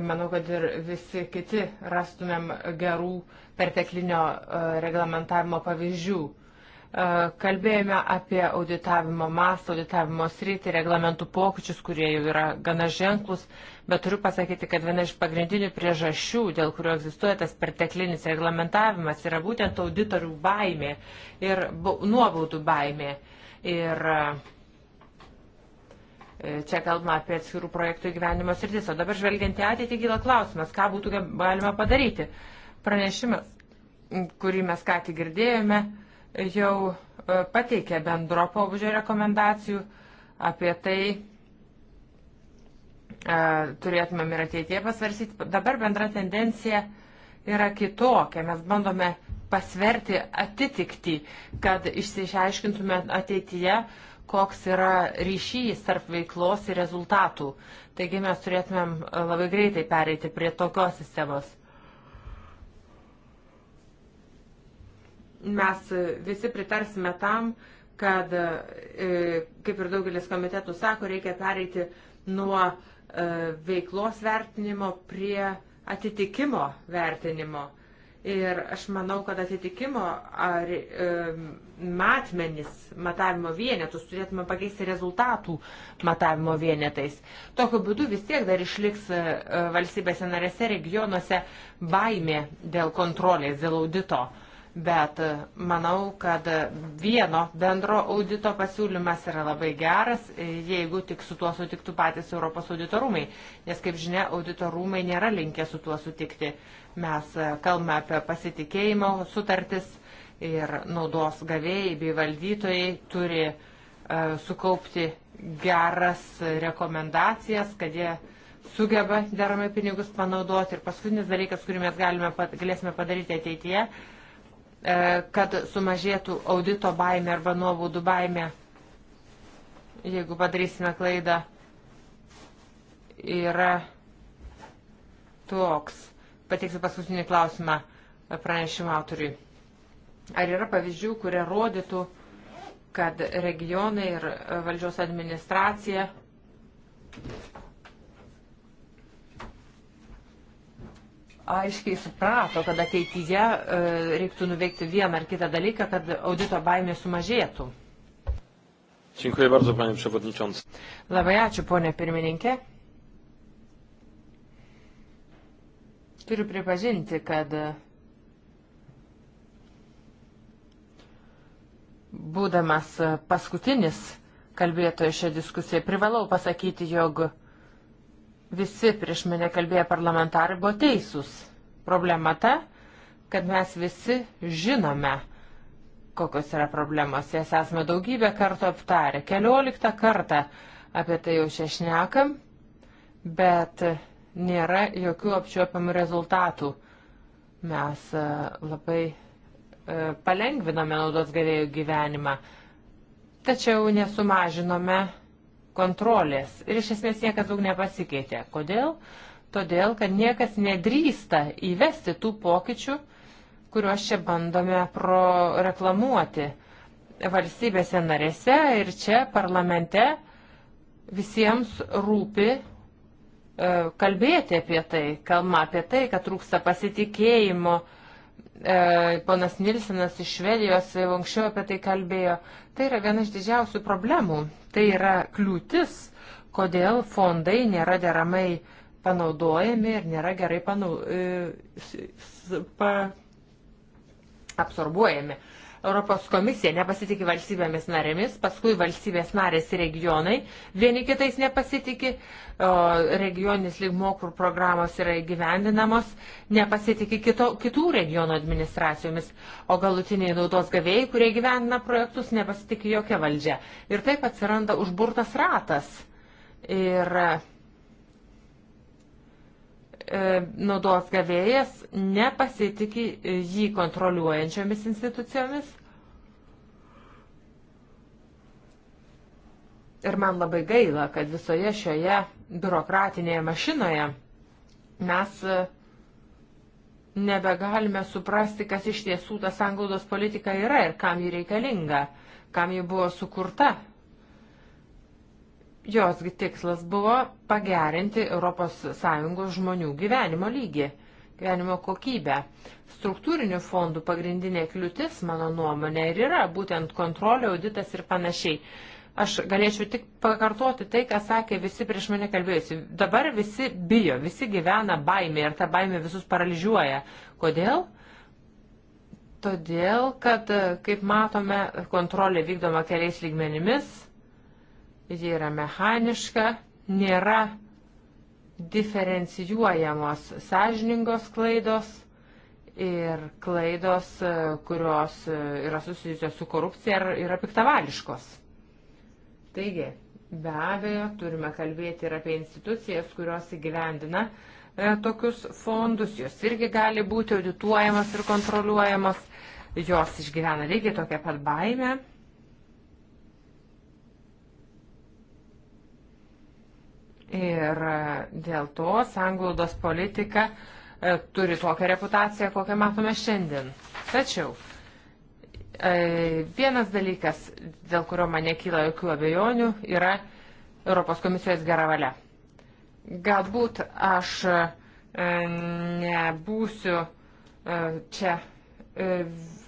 manau, kad ir visi kiti rastumėm gerų perteklinio e, reglamentavimo pavyzdžių. E, kalbėjome apie auditavimo mastą, auditavimo sritį, reglamentų pokyčius, kurie jau yra gana ženklus, bet turiu pasakyti, kad viena iš pagrindinių priežasčių, dėl kurio egzistuoja tas perteklinis reglamentavimas, yra būtent auditorių baimė ir nuobaudų baimė. Ir uh, E, čia kalbama apie atskirų projektų įgyvenimo sritis. O dabar žvelgiant į ateitį, gila klausimas, ką būtų galima padaryti. Pranešimas, kurį mes ką tik girdėjome, jau e, pateikė bendro pobūdžio rekomendacijų apie tai. E, turėtumėm ir ateitie pasvarsyti. Dabar bendra tendencija yra kitokia. Mes bandome pasverti atitikti, kad išsiaiškintume ateityje, uh, koks yra ryšys tarp veiklos ir rezultatų. Taigi mes turėtumėm e, labai greitai pereiti prie tokios sistemos. Mes e, visi pritarsime tam, kad, e, kaip ir daugelis komitetų sako, reikia pereiti nuo veiklos vertinimo prie atitikimo vertinimo. Ir aš manau, kad atitikimo ar e, matmenis matavimo vienetus turėtume pakeisti rezultatų matavimo vienetais. Tokiu būdu vis tiek dar išliks e, valstybėse narėse regionuose baimė dėl kontrolės, dėl audito. E, bet e, manau, kad vieno bendro audito pasiūlymas yra labai geras, e, jeigu tik su tuo sutiktų patys Europos auditorumai, nes, kaip žinia, auditorumai nėra linkę su tuo sutikti. Mes e, kalbame apie pasitikėjimo sutartis ir naudos gavėjai bei valdytojai turi sukaupti geras rekomendacijas, kad jie sugeba deramai pinigus panaudoti. Ir paskutinis dalykas, kurį mes galime, galėsime padaryti ateityje, E, kad sumažėtų audito baime arba nuobaudų baime, jeigu padarysime klaidą, yra toks. Pateiksiu paskutinį klausimą pranešimo autoriui. Ar yra pavyzdžių, kurie rodytų, kad regionai ir valdžios administracija aiškiai suprato, kad ateityje e, reiktų nuveikti vieną ar kitą dalyką, kad audito baimė sumažėtų. Dziękuję bardzo, panie przewodniczący. Labai ačiū, ponė pirmininkė. Turiu pripažinti, kad būdamas paskutinis kalbėtojas šią diskusiją privalau pasakyti, jog Visi prieš mane kalbėję parlamentarai buvo teisūs. Problema ta, kad mes visi žinome, kokios yra problemos. Jas esame daugybę kartų aptarę. Kelioliktą kartą apie tai jau šešnekam, bet nėra jokių apčiuopiamų rezultatų. Mes e, labai e, palengviname naudos gavėjų gyvenimą, tačiau nesumažinome kontrolės. Ir iš esmės niekas daug nepasikeitė. Kodėl? Todėl, kad niekas nedrįsta įvesti tų pokyčių, kuriuos čia bandome proreklamuoti valstybėse narėse ir čia parlamente visiems rūpi e, kalbėti apie tai, kalba apie tai, kad trūksta pasitikėjimo, e, E, ponas Nilsenas iš Švedijos jau anksčiau apie tai kalbėjo, tai yra viena iš didžiausių problemų. Tai yra kliūtis, kodėl fondai nėra deramai panaudojami ir nėra gerai panau, e, pa, absorbuojami. Europos komisija nepasitikė valstybėmis narėmis, paskui valstybės narės regionai, vieni kitais nepasitikė, regioninis lygmo, kur programos yra įgyvendinamos, nepasitikė kito, kitų regionų administracijomis, o galutiniai naudos gavėjai, kurie gyvendina projektus, nepasitikė jokia valdžia. Ir taip atsiranda užburtas ratas. Ir uh, E, naudos gavėjas nepasitikė jį kontroliuojančiomis institucijomis. Ir man labai gaila, kad visoje šioje biurokratinėje mašinoje mes e, nebegalime suprasti, kas iš tiesų ta sanglaudos politika yra ir kam ji reikalinga, kam ji buvo sukurta josgi tikslas buvo pagerinti ES žmonių gyvenimo lygį, gyvenimo kokybę. Struktūrinių fondų pagrindinė kliūtis, mano nuomonė, ir yra būtent kontrolė, auditas ir panašiai. Aš galėčiau tik pakartoti tai, ką sakė visi prieš mane kalbėjusi. Dabar visi bijo, visi gyvena baimė ir ta baimė visus paralyžiuoja. Kodėl? Todėl, kad, kaip matome, kontrolė vykdoma keliais lygmenimis ji yra mechaniška, nėra diferencijuojamos sąžiningos klaidos ir klaidos, e, kurios e, yra susijusios su korupcija ir yra piktavališkos. Taigi, be abejo, turime kalbėti ir apie institucijas, kurios įgyvendina e, tokius fondus, jos irgi gali būti audituojamas ir kontroliuojamas, jos išgyvena lygiai tokią pat baimę Ir e, dėl to sanglaudos politika e, turi tokią reputaciją, kokią matome šiandien. Tačiau e, vienas dalykas, dėl kurio man nekyla jokių abejonių, yra Europos komisijos gera valia. Galbūt aš nebūsiu čia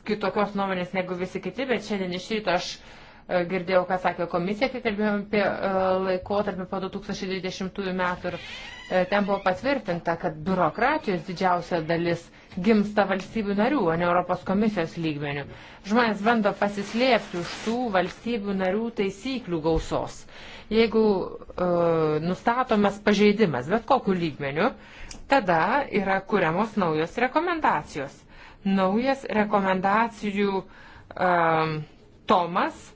kitokios nuomonės negu visi kiti, bet šiandien iš ryto aš girdėjau, ką sakė komisija, kai kalbėjome apie e, laikotarpį po 2020 metų ir e, ten buvo patvirtinta, kad biurokratijos didžiausia dalis gimsta valstybių narių, o ne Europos komisijos lygmenių. Žmonės bando pasislėpti už tų valstybių narių taisyklių gausos. Jeigu e, nustatomas pažeidimas bet kokiu lygmeniu, tada yra kuriamos naujos rekomendacijos. Naujas rekomendacijų e, tomas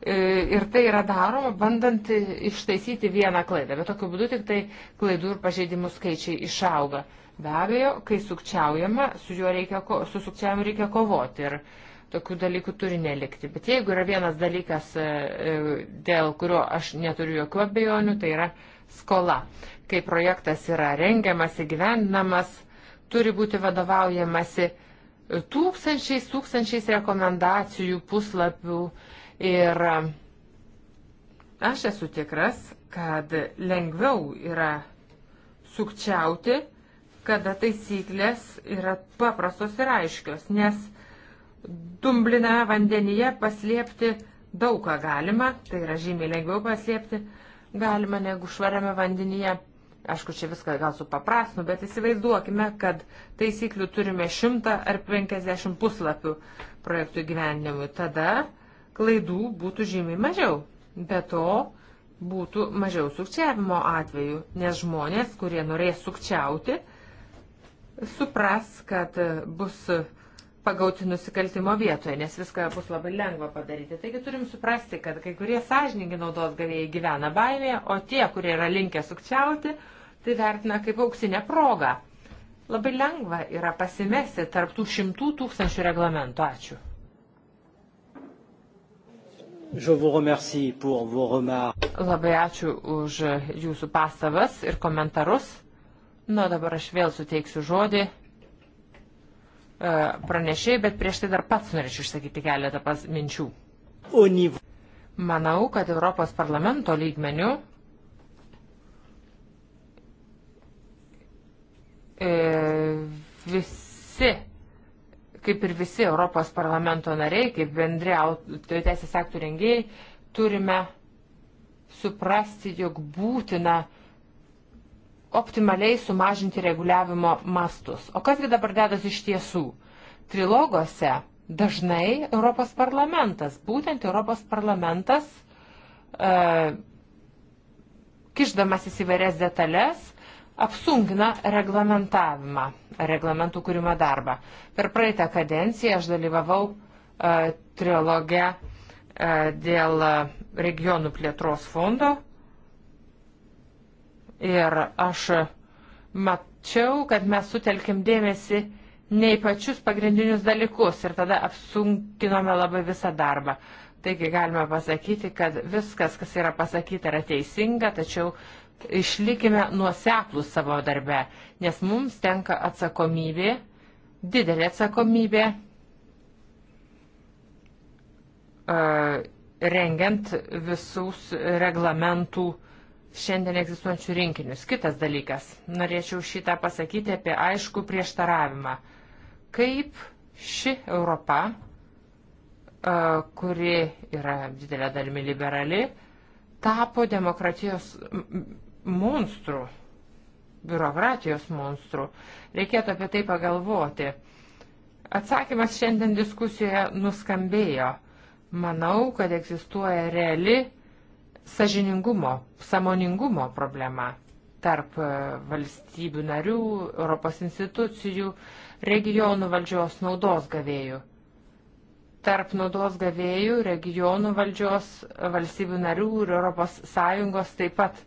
E, ir tai yra daroma, bandant ištaisyti vieną klaidą. Bet tokiu būdu tik tai klaidų ir pažeidimų skaičiai išauga. Be abejo, kai sukčiaujama, su, reikia, su sukčiavimu reikia kovoti ir tokių dalykų turi nelikti. Bet jeigu yra vienas dalykas, e, e, dėl kurio aš neturiu jokių abejonių, tai yra skola. Kai projektas yra rengiamas, įgyvendinamas, turi būti vadovaujamasi tūkstančiais, tūkstančiais rekomendacijų, puslapių Ir aš esu tikras, kad lengviau yra sukčiauti, kada taisyklės yra paprastos ir aiškios, nes dumblina vandenyje paslėpti daug ką galima, tai yra žymiai lengviau paslėpti galima negu švariame vandenyje. Aišku, čia viską gal supaprasnu, bet įsivaizduokime, kad taisyklių turime 100 ar 50 puslapių projektų gyvenimui. Tada klaidų būtų žymiai mažiau. Be to, būtų mažiau sukčiavimo atvejų, nes žmonės, kurie norės sukčiauti, supras, kad bus pagauti nusikaltimo vietoje, nes viską bus labai lengva padaryti. Taigi turim suprasti, kad kai kurie sąžininkai naudos gavėjai gyvena baimėje, o tie, kurie yra linkę sukčiauti, tai vertina kaip auksinę progą. Labai lengva yra pasimesti tarptų šimtų tūkstančių reglamentų. Ačiū. Labai ačiū už jūsų pastabas ir komentarus. Nu, dabar aš vėl suteiksiu žodį e, pranešėjai, bet prieš tai dar pats norėčiau išsakyti keletą pas minčių. Manau, kad Europos parlamento lygmenių e, visi kaip ir visi Europos parlamento nariai, kaip bendri teisės aktų rengėjai, turime suprasti, jog būtina optimaliai sumažinti reguliavimo mastus. O kasgi dabar dedas iš tiesų? Trilogose dažnai Europos parlamentas, būtent Europos parlamentas, e, kišdamas įsivairias detalės, apsunkina reglamentavimą, reglamentų kūrimo darbą. Per praeitą kadenciją aš dalyvavau e, trilogę e, dėl regionų plėtros fondo ir aš mačiau, kad mes sutelkim dėmesį ne į pačius pagrindinius dalykus ir tada apsunkinome labai visą darbą. Taigi galime pasakyti, kad viskas, kas yra pasakyta, yra teisinga, tačiau išlikime nuoseklus savo darbe, nes mums tenka atsakomybė, didelė atsakomybė, e, rengiant visus reglamentų šiandien egzistuojančių rinkinius. Kitas dalykas, norėčiau šitą pasakyti apie aišku prieštaravimą. Kaip ši Europa, e, kuri yra didelė dalimi liberali, tapo demokratijos monstrų, biurokratijos monstrų. Reikėtų apie tai pagalvoti. Atsakymas šiandien diskusijoje nuskambėjo. Manau, kad egzistuoja reali sažiningumo, samoningumo problema tarp e, valstybių narių, Europos institucijų, regionų valdžios naudos gavėjų. Tarp naudos gavėjų, regionų valdžios, valstybių narių ir Europos Sąjungos taip pat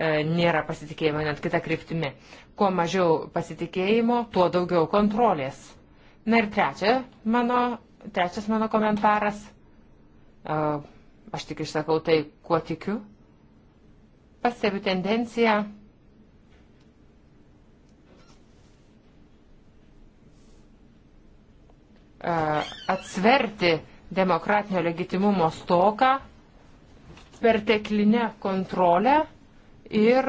E, nėra pasitikėjimo net kita kryptimi. Kuo mažiau pasitikėjimo, tuo daugiau kontrolės. Na ir trečia mano, trečias mano komentaras. E, aš tik išsakau tai, kuo tikiu. Pastebiu tendenciją. E, atsverti demokratinio legitimumo stoką perteklinę kontrolę ir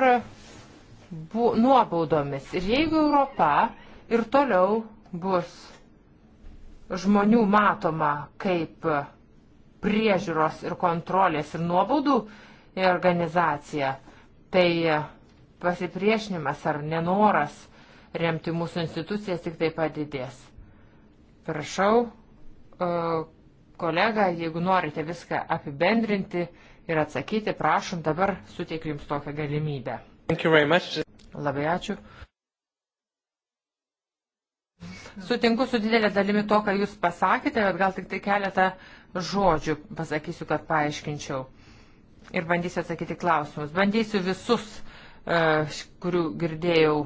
bu, nuobaudomis. Ir jeigu Europa ir toliau bus žmonių matoma kaip priežiūros ir kontrolės ir nuobaudų organizacija, tai pasipriešinimas ar nenoras remti mūsų institucijas tik tai padidės. Prašau, e, kolega, jeigu norite viską apibendrinti, ir atsakyti. Prašom, dabar suteikiu Jums tokią galimybę. Labai ačiū. Sutinku su didelė dalimi to, ką Jūs pasakėte, bet gal tik tai keletą žodžių pasakysiu, kad paaiškinčiau. Ir bandysiu atsakyti klausimus. Bandysiu visus, e, kurių girdėjau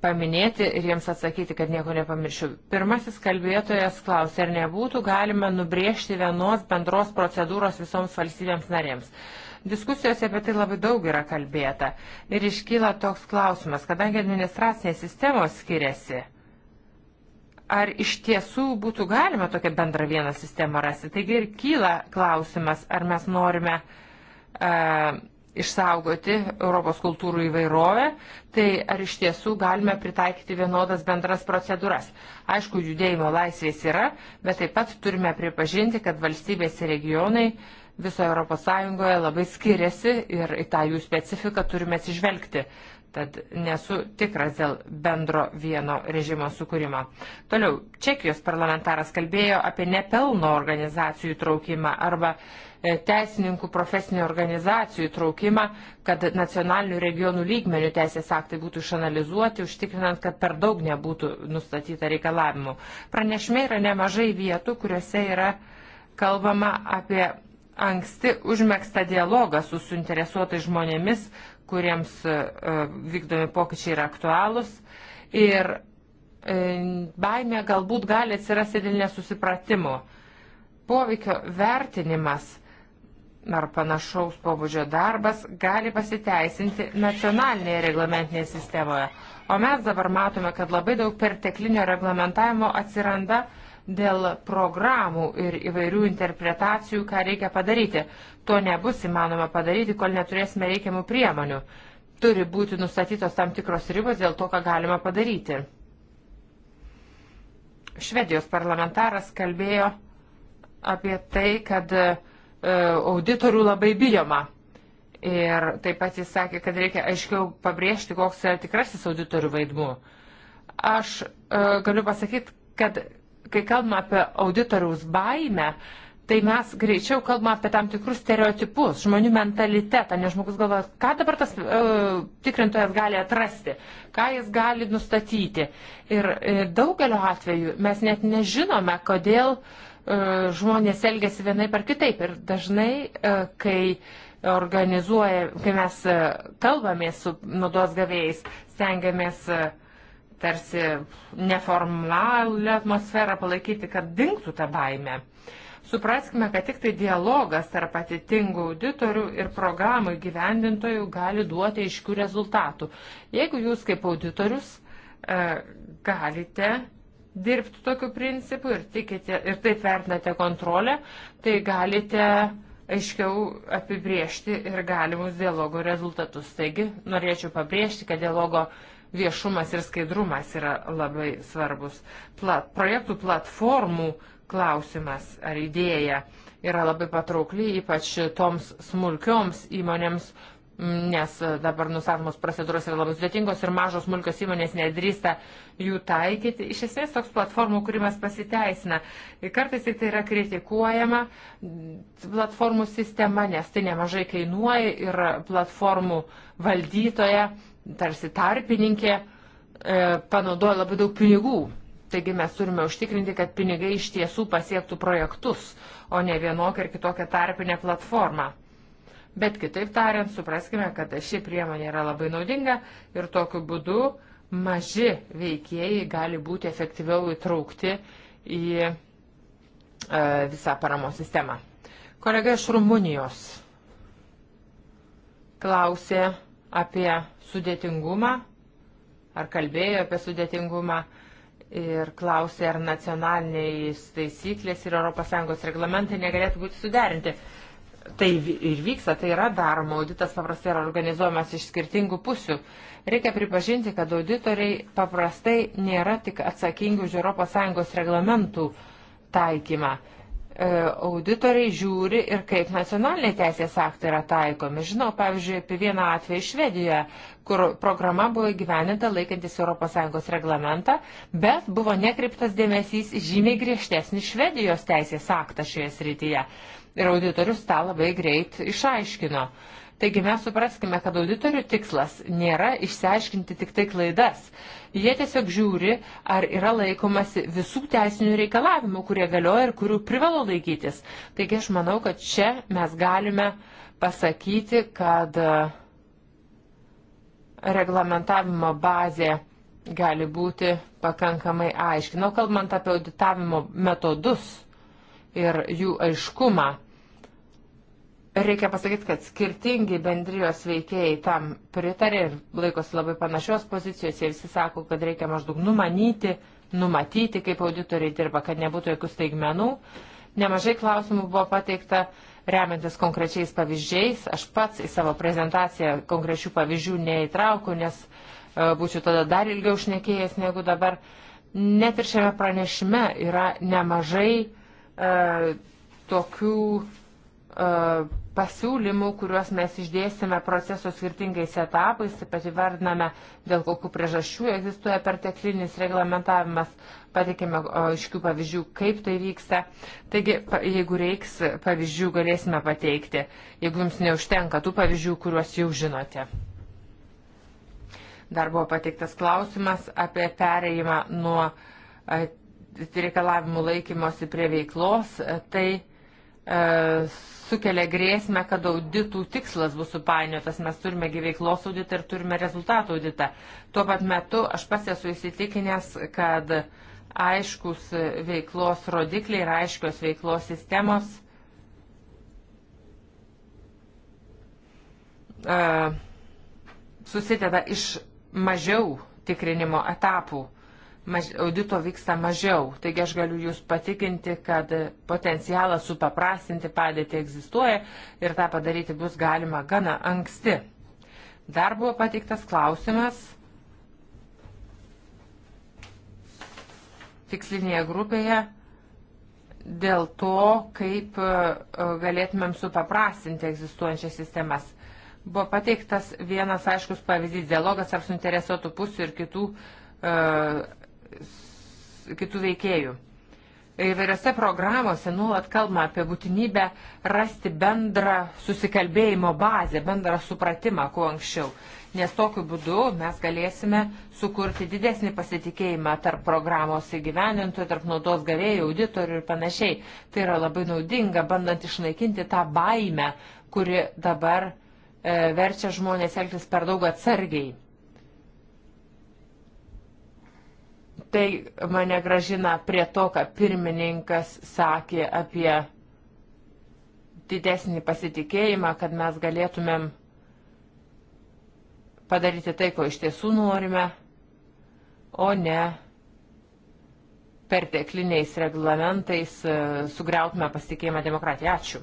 paminėti ir jiems atsakyti, kad nieko nepamiršiu. Pirmasis kalbėtojas klausė, ar nebūtų galima nubriežti vienos bendros procedūros visoms valstybėms narėms. Diskusijose apie tai labai daug yra kalbėta ir iškyla toks klausimas, kadangi administracinės sistemos skiriasi. Ar iš tiesų būtų galima tokią bendrą vieną sistemą rasti? Taigi ir kyla klausimas, ar mes norime uh, išsaugoti Europos kultūrų įvairovę, tai ar iš tiesų galime pritaikyti vienodas bendras procedūras. Aišku, judėjimo laisvės yra, bet taip pat turime pripažinti, kad valstybės ir regionai viso ES labai skiriasi ir į tą jų specifiką turime atsižvelgti. Tad nesu tikras dėl bendro vieno režimo sukūrimo. Toliau, Čekijos parlamentaras kalbėjo apie nepelno organizacijų traukimą arba uh, E, teisininkų profesinių organizacijų įtraukimą, kad nacionalinių regionų lygmenių teisės aktai būtų išanalizuoti, užtikrinant, kad per daug nebūtų nustatyta reikalavimų. Pranešme yra nemažai vietų, kuriuose yra kalbama apie anksti užmėgstą dialogą su suinteresuotais žmonėmis, kuriems e, e, vykdomi pokyčiai yra aktualūs. Ir baimė galbūt gali atsirasti dėl nesusipratimo. Poveikio vertinimas ar panašaus pobūdžio darbas gali pasiteisinti nacionalinėje reglamentinėje sistemoje. O mes dabar matome, kad labai daug perteklinio reglamentavimo atsiranda dėl programų ir įvairių interpretacijų, ką reikia padaryti. To nebus įmanoma padaryti, kol neturėsime reikiamų priemonių. Turi būti nustatytos tam tikros ribos dėl to, ką galima padaryti. Švedijos parlamentaras kalbėjo apie tai, kad uh, E, auditorių labai bijoma. Ir taip pat jis sakė, kad reikia aiškiau pabrėžti, koks yra tikrasis auditorių vaidmuo. Aš e, galiu pasakyti, kad kai kalbame apie auditoriaus baimę, tai mes greičiau kalbame apie tam tikrus stereotipus, žmonių mentalitetą, nes žmogus galvoja, ką dabar tas e, tikrintojas gali atrasti, ką jis gali nustatyti. Ir e, daugelio atveju mes net nežinome, kodėl e, E, žmonės elgesi vienai par kitaip. Ir dažnai, e, kai organizuoja, kai mes e, kalbamės su naudos gavėjais, stengiamės tarsi neformalią atmosferą palaikyti, kad dinktų ta baime. Supraskime, kad tik tai dialogas tarp atitingų auditorių ir programų gyvendintojų gali duoti aiškių rezultatų. Jeigu jūs kaip auditorius galite dirbti tokiu principu ir tikite ir taip vertinate kontrolę, tai galite aiškiau apibriežti ir galimus dialogo rezultatus. Taigi norėčiau pabrėžti, kad dialogo viešumas ir skaidrumas yra labai svarbus. Pla, projektų platformų klausimas ar idėja yra labai patraukli, ypač toms smulkioms įmonėms, nes dabar nusatomos procedūros yra labai sudėtingos ir mažos smulkios įmonės nedrįsta jų taikyti. Iš esmės toks platformų kūrimas pasiteisina. Kartais tai yra kritikuojama platformų sistema, nes tai nemažai kainuoja ir platformų valdytoja, tarsi tarpininkė, e, panaudoja labai daug pinigų. Taigi mes turime užtikrinti, kad pinigai iš tiesų pasiektų projektus, o ne vienokią ir kitokią tarpinę platformą. Bet kitaip tariant, supraskime, kad ši priemonė yra labai naudinga ir tokiu būdu maži veikėjai gali būti efektyviau įtraukti į e, visą paramos sistemą. Kolega iš Rumunijos klausė apie sudėtingumą, ar kalbėjo apie sudėtingumą ir klausė, ar nacionaliniais taisyklės ir ES reglamentai negalėtų būti suderinti tai ir vyksta, tai yra daroma, auditas paprastai yra organizuojamas iš skirtingų pusių. Reikia pripažinti, kad auditoriai paprastai nėra tik atsakingi už ES reglamentų taikymą. E, auditoriai žiūri ir kaip nacionaliniai teisės aktai yra taikomi. Žinau, pavyzdžiui, apie vieną atvejį Švedijoje, kur programa buvo įgyveninta laikantis ES reglamentą, bet buvo nekreiptas dėmesys žymiai griežtesnį Švedijos teisės aktą šioje srityje. Ir auditorius tą labai greit išaiškino. Taigi mes supraskime, kad auditorių tikslas nėra išsiaiškinti tik tai klaidas. Jie tiesiog žiūri, ar yra laikomasi visų teisinių reikalavimų, kurie galioja ir kurių privalo laikytis. Taigi aš manau, kad čia mes galime pasakyti, kad e, reglamentavimo bazė gali būti pakankamai aiški. Na, kalbant apie auditavimo metodus, ir jų aiškumą. Reikia pasakyti, kad skirtingi bendrijos veikėjai tam pritarė ir laikosi labai panašios pozicijos. Jie visi sako, kad reikia maždaug numanyti, numatyti, kaip auditoriai dirba, kad nebūtų jokių staigmenų. Nemažai klausimų buvo pateikta remiantis konkrečiais pavyzdžiais. Aš pats į savo prezentaciją konkrečių pavyzdžių neįtraukiu, nes e, būčiau tada dar ilgiau užnekėjęs negu dabar. Net ir šiame pranešime yra nemažai E, tokių e, pasiūlymų, kuriuos mes išdėsime proceso skirtingais etapais, taip pat įvardiname, dėl kokių priežasčių egzistuoja perteklinis reglamentavimas, pateikime aiškių pavyzdžių, kaip tai vyksta. Taigi, jeigu reiks, pavyzdžių galėsime pateikti, jeigu jums neužtenka tų pavyzdžių, kuriuos jau žinote. Dar buvo pateiktas klausimas apie pereimą nuo e, reikalavimų laikymosi prie veiklos, tai e, sukelia grėsmę, kad auditų tikslas bus supainiotas. Mes turime veiklos auditą ir turime rezultatų auditą. Tuo pat metu aš pas esu įsitikinęs, kad aiškus veiklos rodikliai ir aiškios veiklos sistemos e, susideda iš mažiau tikrinimo etapų. E, maž, audito vyksta mažiau. Taigi aš galiu Jūs patikinti, kad potencialas supaprastinti padėtį egzistuoja ir tą padaryti bus galima gana anksti. Dar buvo pateiktas klausimas tikslinėje grupėje dėl to, kaip e, galėtumėm supaprastinti egzistuojančias sistemas. Buvo pateiktas vienas aiškus pavyzdys dialogas ar suinteresuotų pusių ir kitų uh, kitų veikėjų. Įvairiose programuose nuolat kalbama apie būtinybę rasti bendrą susikalbėjimo bazę, bendrą supratimą kuo anksčiau, nes tokiu būdu mes galėsime sukurti didesnį pasitikėjimą tarp programos įgyvenintojų, tarp naudos gavėjų, auditorių ir panašiai. Tai yra labai naudinga, bandant išnaikinti tą baimę, kuri dabar e, verčia žmonės elgtis per daug atsargiai tai mane gražina prie to, ką pirmininkas sakė apie didesnį pasitikėjimą, kad mes galėtumėm padaryti tai, ko iš tiesų norime, o ne pertekliniais reglamentais e, sugriautume pasitikėjimą demokratiją. Ačiū.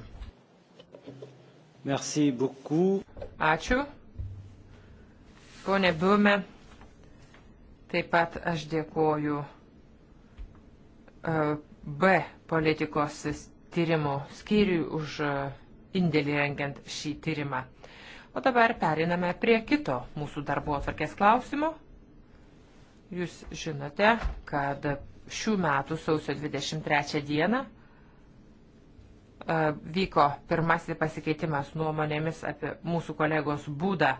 Merci beaucoup. Ačiū. Pone Bume. Taip pat aš dėkoju e, B politikos tyrimų skyriui už e, indėlį rengiant šį tyrimą. O dabar periname prie kito mūsų darbo atvarkės klausimo. Jūs žinote, kad šių metų sausio 23 dieną e, vyko pirmasis pasikeitimas nuomonėmis apie mūsų kolegos būdą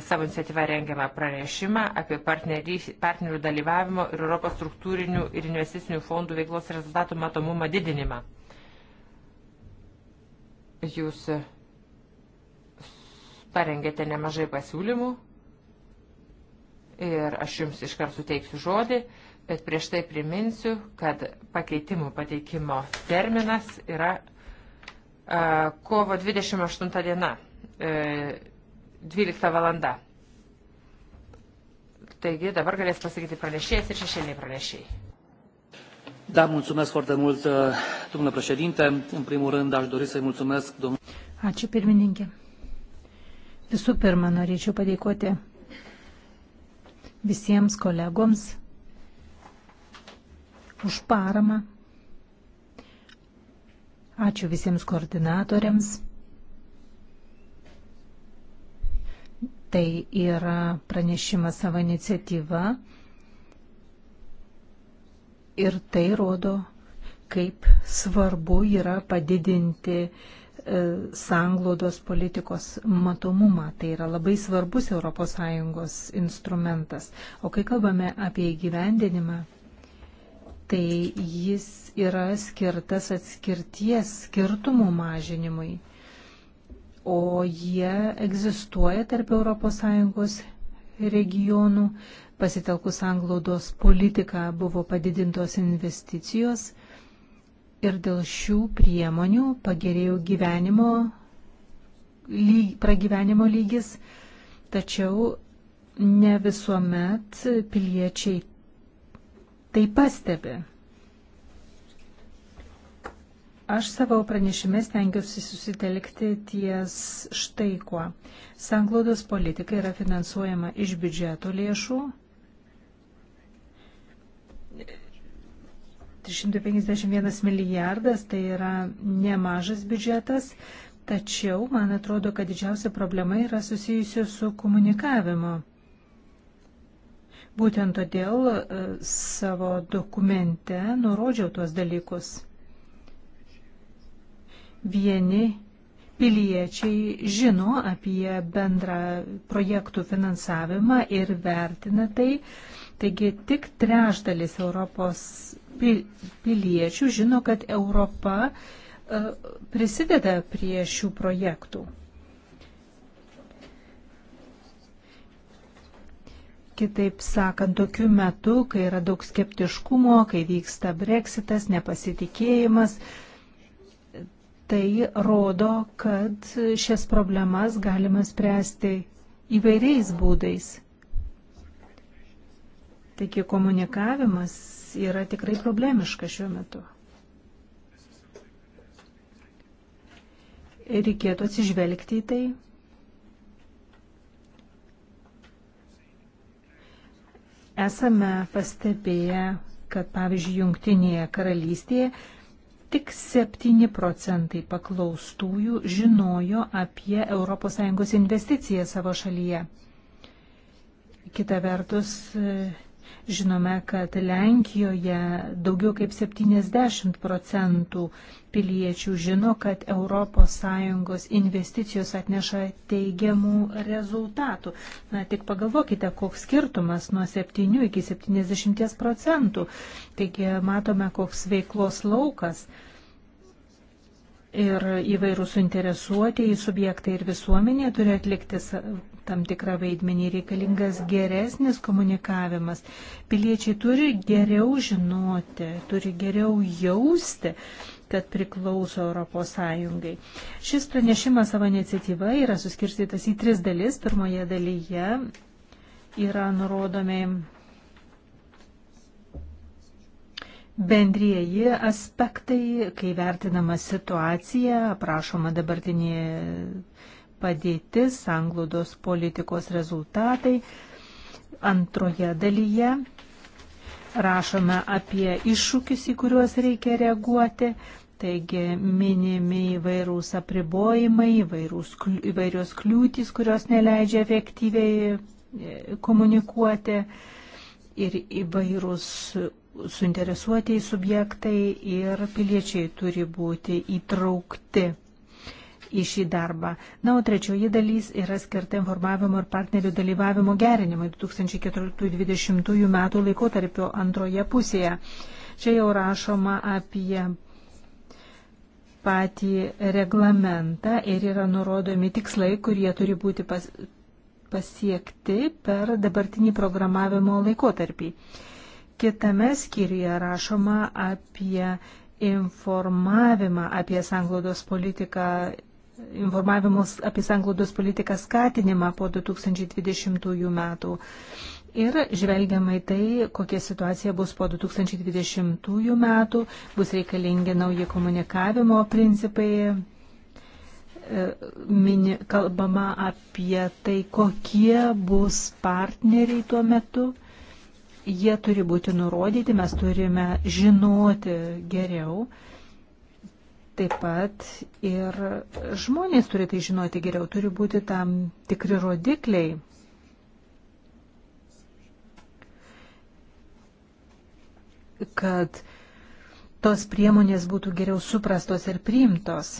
savo iniciatyvą rengiamą pranešimą apie partnerių dalyvavimo ir Europos struktūrinių ir investicinių fondų veiklos rezultatų matomumą didinimą. Jūs e, parengėte nemažai pasiūlymų ir aš jums iškart suteiksiu žodį, bet prieš tai priminsiu, kad pakeitimų pateikimo terminas yra e, kovo 28 diena. E, 12 valanda. Taigi dabar galės pasakyti pranešėjas ir šešėliniai pranešėjai. Da, mulțumesc foarte mult, uh, domnule președinte. În primul rând, aș dori să-i mulțumesc domnului. Ačiū pirmininkė. Visų pirma, norėčiau padėkoti visiems kolegoms už paramą. Ačiū visiems koordinatoriams Tai yra pranešimas savo iniciatyva ir tai rodo, kaip svarbu yra padidinti e, sanglaudos politikos matomumą. Tai yra labai svarbus ES instrumentas. O kai kalbame apie įgyvendinimą, tai jis yra skirtas atskirties skirtumų mažinimui o jie egzistuoja tarp ES regionų. Pasitelkus anglaudos politiką buvo padidintos investicijos ir dėl šių priemonių pagerėjo gyvenimo, lyg, pragyvenimo lygis, tačiau ne visuomet piliečiai tai pastebi. Aš savo pranešime stengiuosi susitelkti ties štai kuo. Sanglaudos politika yra finansuojama iš biudžeto lėšų. 351 milijardas tai yra nemažas biudžetas, tačiau man atrodo, kad didžiausia problema yra susijusi su komunikavimu. Būtent todėl e, savo dokumente nurodžiau tuos dalykus vieni piliečiai žino apie bendrą projektų finansavimą ir vertina tai. Taigi tik trešdalis Europos piliečių žino, kad Europa e, prisideda prie šių projektų. Kitaip sakant, tokiu metu, kai yra daug skeptiškumo, kai vyksta breksitas, nepasitikėjimas, uh, Tai rodo, kad šias problemas galima spręsti įvairiais būdais. Taigi komunikavimas yra tikrai problemiška šiuo metu. Reikėtų atsižvelgti į tai. Esame pastebėję, kad pavyzdžiui, Junktinėje karalystėje Tik 7 procentai paklaustųjų žinojo apie ES investiciją savo šalyje. Kita vertus, žinome, kad Lenkijoje daugiau kaip 70 procentų piliečių žino, kad ES investicijos atneša teigiamų rezultatų. Na, tik pagalvokite, koks skirtumas nuo 7 iki 70 procentų. Taigi matome, koks veiklos laukas. Ir įvairūs suinteresuotieji subjektai ir visuomenė turi atlikti tam tikrą vaidmenį reikalingas geresnis komunikavimas. Piliečiai turi geriau žinoti, turi geriau jausti, kad priklauso Europos Sąjungai. Šis pranešimas savo iniciatyva yra suskirstytas į tris dalis. Pirmoje dalyje yra nurodomi bendrieji aspektai, kai vertinama situacija, aprašoma dabartinė padėtis, anglodos politikos rezultatai. Antroje dalyje rašome apie iššūkius, į kuriuos reikia reaguoti. Taigi minimi įvairūs apribojimai, įvairūs, įvairios kliūtis, kurios neleidžia efektyviai e, komunikuoti ir įvairūs suinteresuotieji subjektai ir piliečiai turi būti įtraukti į šį darbą. Na, o trečioji dalys yra skirta informavimo ir partnerių dalyvavimo gerinimui 2014-2020 metų laikotarpio antroje pusėje. Čia jau rašoma apie patį reglamentą ir yra nurodomi tikslai, kurie turi būti pas, pasiekti per dabartinį programavimo laikotarpį. Kitame skyriuje rašoma apie informavimą apie sanglaudos politiką informavimus apie sanglaudos politiką skatinimą po 2020 metų. Ir žvelgiama į tai, kokia situacija bus po 2020 metų, bus reikalingi nauji komunikavimo principai, e, mini, kalbama apie tai, kokie bus partneriai tuo metu. Jie turi būti nurodyti, mes turime žinoti geriau. Taip pat ir žmonės turi tai žinoti geriau, turi būti tam tikri rodikliai. kad tos priemonės būtų geriau suprastos ir priimtos.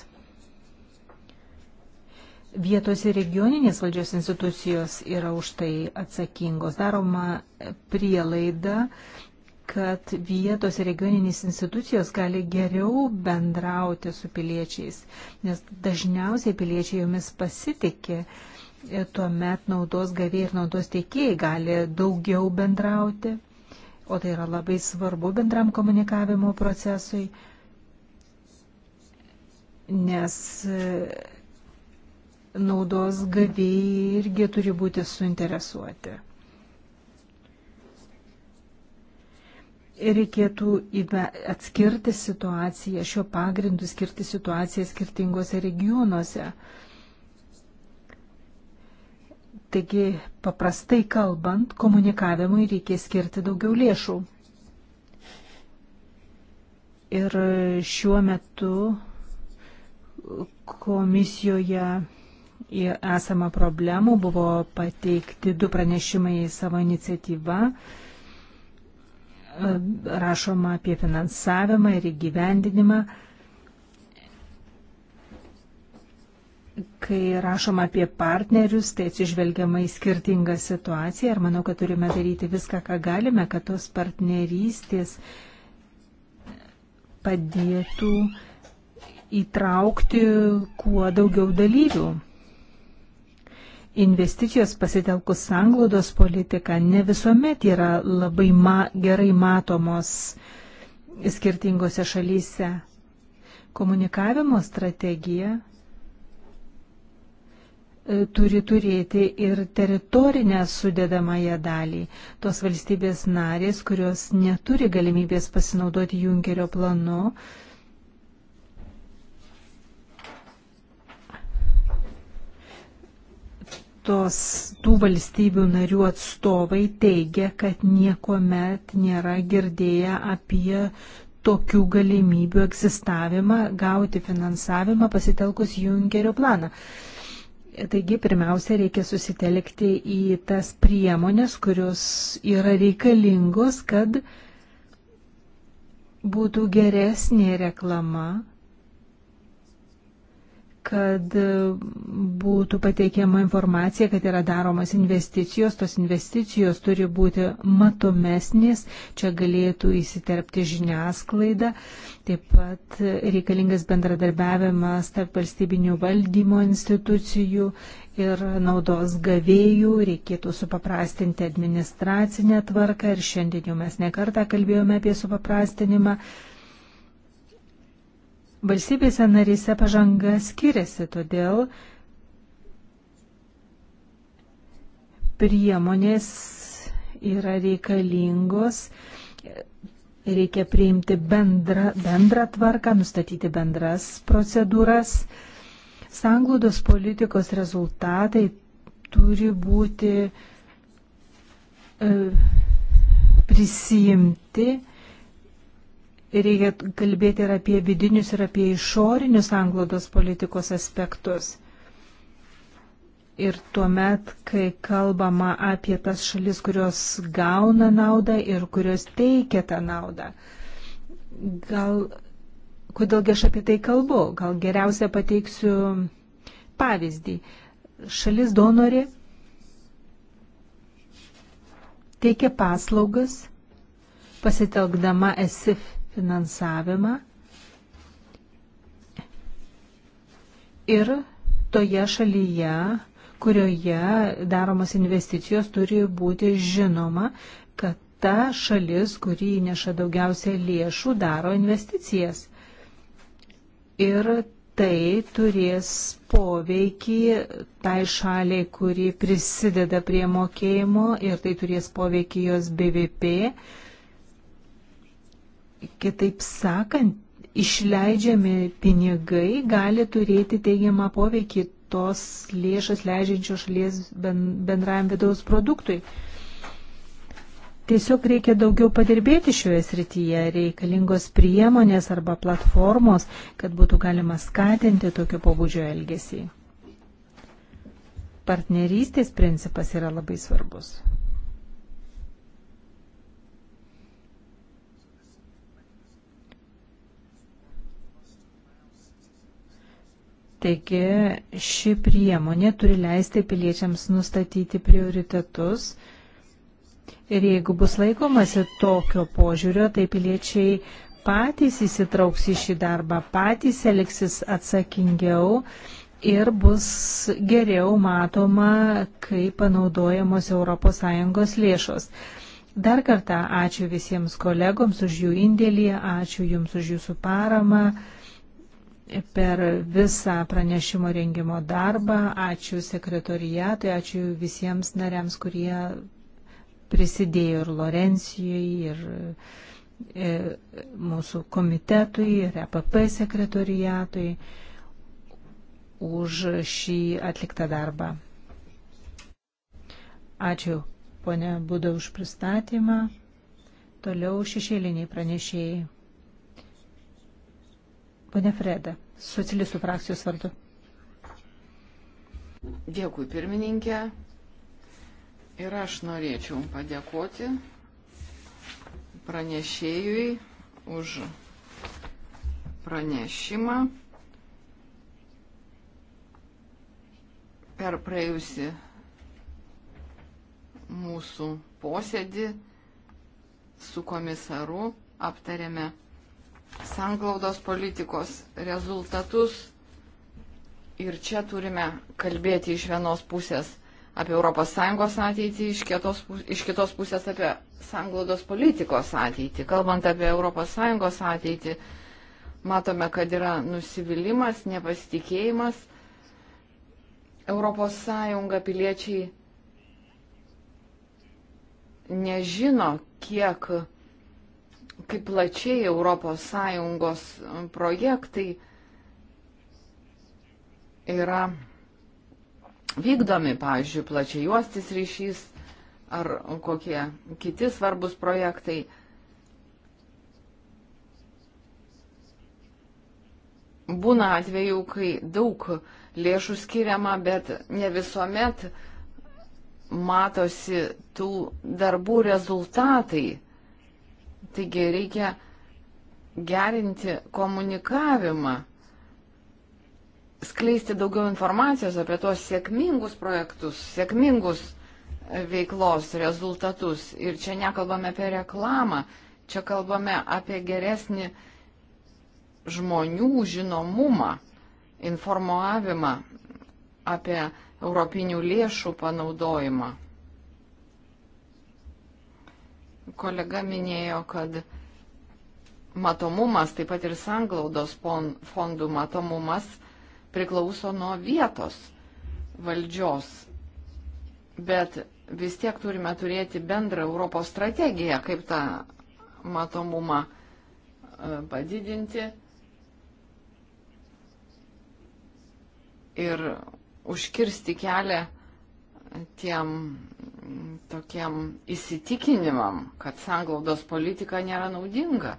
Vietos ir regioninės valdžios institucijos yra už tai atsakingos. Daroma prielaida, kad vietos ir regioninės institucijos gali geriau bendrauti su piliečiais, nes dažniausiai piliečiai jomis pasitikė. Tuomet naudos gavėjai ir naudos teikėjai gali daugiau bendrauti, o tai yra labai svarbu bendram komunikavimo procesui, nes e, naudos gavėjai irgi turi būti suinteresuoti. reikėtų atskirti situaciją, šio pagrindu skirti situaciją skirtingose regionuose. Taigi, paprastai kalbant, komunikavimui reikės skirti daugiau lėšų. Ir šiuo metu komisijoje esama problemų, buvo pateikti du pranešimai savo iniciatyvą rašoma apie finansavimą ir įgyvendinimą. Kai rašoma apie partnerius, tai atsižvelgiama į skirtingą situaciją ir manau, kad turime daryti viską, ką galime, kad tos partnerystės padėtų įtraukti kuo daugiau dalyvių investicijos pasitelkus sanglaudos politiką ne visuomet yra labai ma gerai matomos skirtingose šalyse. Komunikavimo strategija e, turi turėti ir teritorinę sudėdamąją dalį. Tos valstybės narės, kurios neturi galimybės pasinaudoti Junkerio planu, tos, tų valstybių narių atstovai teigia, kad nieko met nėra girdėję apie tokių galimybių egzistavimą, gauti finansavimą pasitelkus Junkerio planą. Taigi, pirmiausia, reikia susitelkti į tas priemonės, kurios yra reikalingos, kad būtų geresnė reklama kad būtų pateikiama informacija, kad yra daromas investicijos, tos investicijos turi būti matomesnės, čia galėtų įsiterpti žiniasklaida, taip pat reikalingas bendradarbiavimas tarp valstybinių valdymo institucijų ir naudos gavėjų, reikėtų supaprastinti administracinę tvarką ir šiandien jau mes nekartą kalbėjome apie supaprastinimą. Valstybėse narise pažanga skiriasi, todėl priemonės yra reikalingos, reikia priimti bendrą, bendrą tvarką, nustatyti bendras procedūras. Sanglūdos politikos rezultatai turi būti e, prisijimti reikia kalbėti ir apie vidinius, ir apie išorinius anglodos politikos aspektus. Ir tuomet, kai kalbama apie tas šalis, kurios gauna naudą ir kurios teikia tą naudą, gal, kodėlgi aš apie tai kalbu, gal geriausia pateiksiu pavyzdį. Šalis donori teikia paslaugas pasitelkdama ESIF finansavimą ir toje šalyje, kurioje daromos investicijos, turi būti žinoma, kad ta šalis, kuri įneša daugiausia lėšų, daro investicijas. Ir tai turės poveikį tai šaliai, kuri prisideda prie mokėjimo ir tai turės poveikį jos BVP Kitaip sakant, išleidžiami pinigai gali turėti teigiamą poveikį tos lėšas leidžiančios šalies bendrajam vidaus produktui. Tiesiog reikia daugiau padirbėti šioje srityje, reikalingos priemonės arba platformos, kad būtų galima skatinti tokio pobūdžio elgesį. Partnerystės principas yra labai svarbus. Taigi ši priemonė turi leisti piliečiams nustatyti prioritetus ir jeigu bus laikomasi tokio požiūrio, tai piliečiai patys įsitrauks į šį darbą, patys elgsis atsakingiau ir bus geriau matoma, kaip panaudojamos ES lėšos. Dar kartą ačiū visiems kolegoms už jų indėlį, ačiū Jums už Jūsų paramą per visą pranešimo rengimo darbą. Ačiū sekretoriatui, ačiū visiems nariams, kurie prisidėjo ir Lorencijai, ir e, mūsų komitetui, ir EPP sekretoriatui už šį atliktą darbą. Ačiū, ponė Buda, už pristatymą. Toliau šešėliniai pranešėjai. Pone Freda, socialistų frakcijos vardu. Dėkui, pirmininkė. Ir aš norėčiau padėkoti pranešėjui už pranešimą. Per praėjusi mūsų posėdį su komisaru aptarėme sanglaudos politikos rezultatus ir čia turime kalbėti iš vienos pusės apie ES ateitį, iš kitos, iš kitos pusės apie sanglaudos politikos ateitį. Kalbant apie ES ateitį, matome, kad yra nusivylimas, nepasitikėjimas. ES piliečiai nežino, kiek kaip plačiai ES projektai yra vykdomi, pavyzdžiui, plačiai juostis ryšys ar kokie kiti svarbus projektai. Būna atveju, kai daug lėšų skiriama, bet ne visuomet matosi tų darbų rezultatai Taigi reikia gerinti komunikavimą, skleisti daugiau informacijos apie tos sėkmingus projektus, sėkmingus veiklos rezultatus. Ir čia nekalbame apie reklamą, čia kalbame apie geresnį žmonių žinomumą, informavimą apie europinių lėšų panaudojimą. Kolega minėjo, kad matomumas, taip pat ir sanglaudos fondų matomumas priklauso nuo vietos valdžios. Bet vis tiek turime turėti bendrą Europos strategiją, kaip tą matomumą e, padidinti ir užkirsti kelią tiem tokiem įsitikinimam, kad sanglaudos politika nėra naudinga.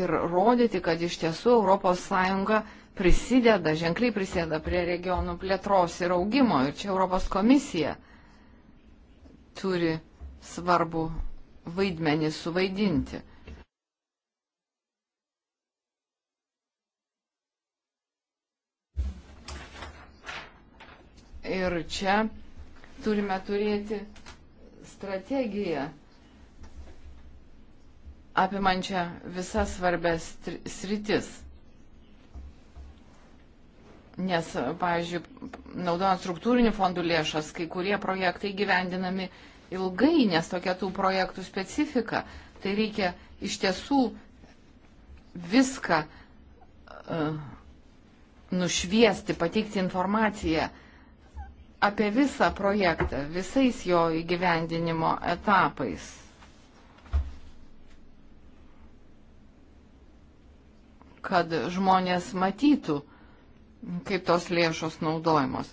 Ir rodyti, kad iš tiesų ES prisideda, ženkliai prisideda prie regionų plėtros ir augimo. Ir čia Europos komisija turi svarbu vaidmenį suvaidinti. Ir čia turime turėti strategiją apimančią visas svarbės sritis. Nes, pavyzdžiui, naudojant struktūrinių fondų lėšas, kai kurie projektai gyvendinami ilgai, nes tokia tų projektų specifika. Tai reikia iš tiesų viską uh, nušviesti, pateikti informaciją uh, apie visą projektą, visais jo įgyvendinimo etapais. kad žmonės matytų, kaip tos lėšos naudojamos.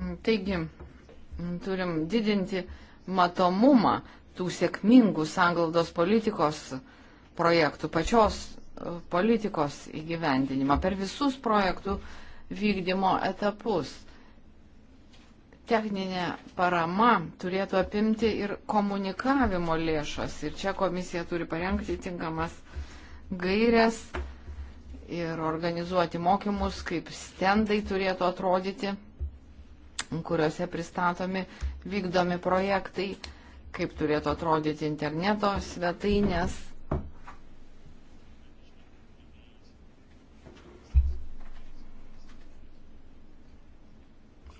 Mm, taigi, mm, turim didinti matomumą tų sėkmingų sanglaudos politikos projektų, pačios e, politikos įgyvendinimą per visus projektų vykdymo etapus. Techninė parama turėtų apimti ir komunikavimo lėšas. Ir čia komisija turi parengti tinkamas gairias ir organizuoti mokymus, kaip stendai turėtų atrodyti kuriuose pristatomi vykdomi projektai, kaip turėtų atrodyti interneto svetainės.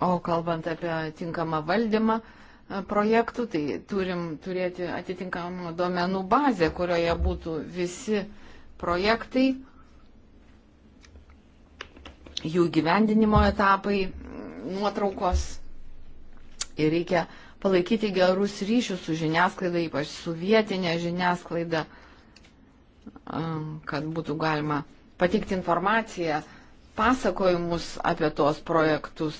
O kalbant apie tinkamą valdymą e, projektų, tai turim turėti atitinkamą duomenų bazę, kurioje būtų visi projektai jų gyvendinimo etapai, nuotraukos ir reikia palaikyti gerus ryšius su žiniasklaida, ypač su vietinė žiniasklaida, um, kad būtų galima patikti informaciją, pasakojimus apie tos projektus,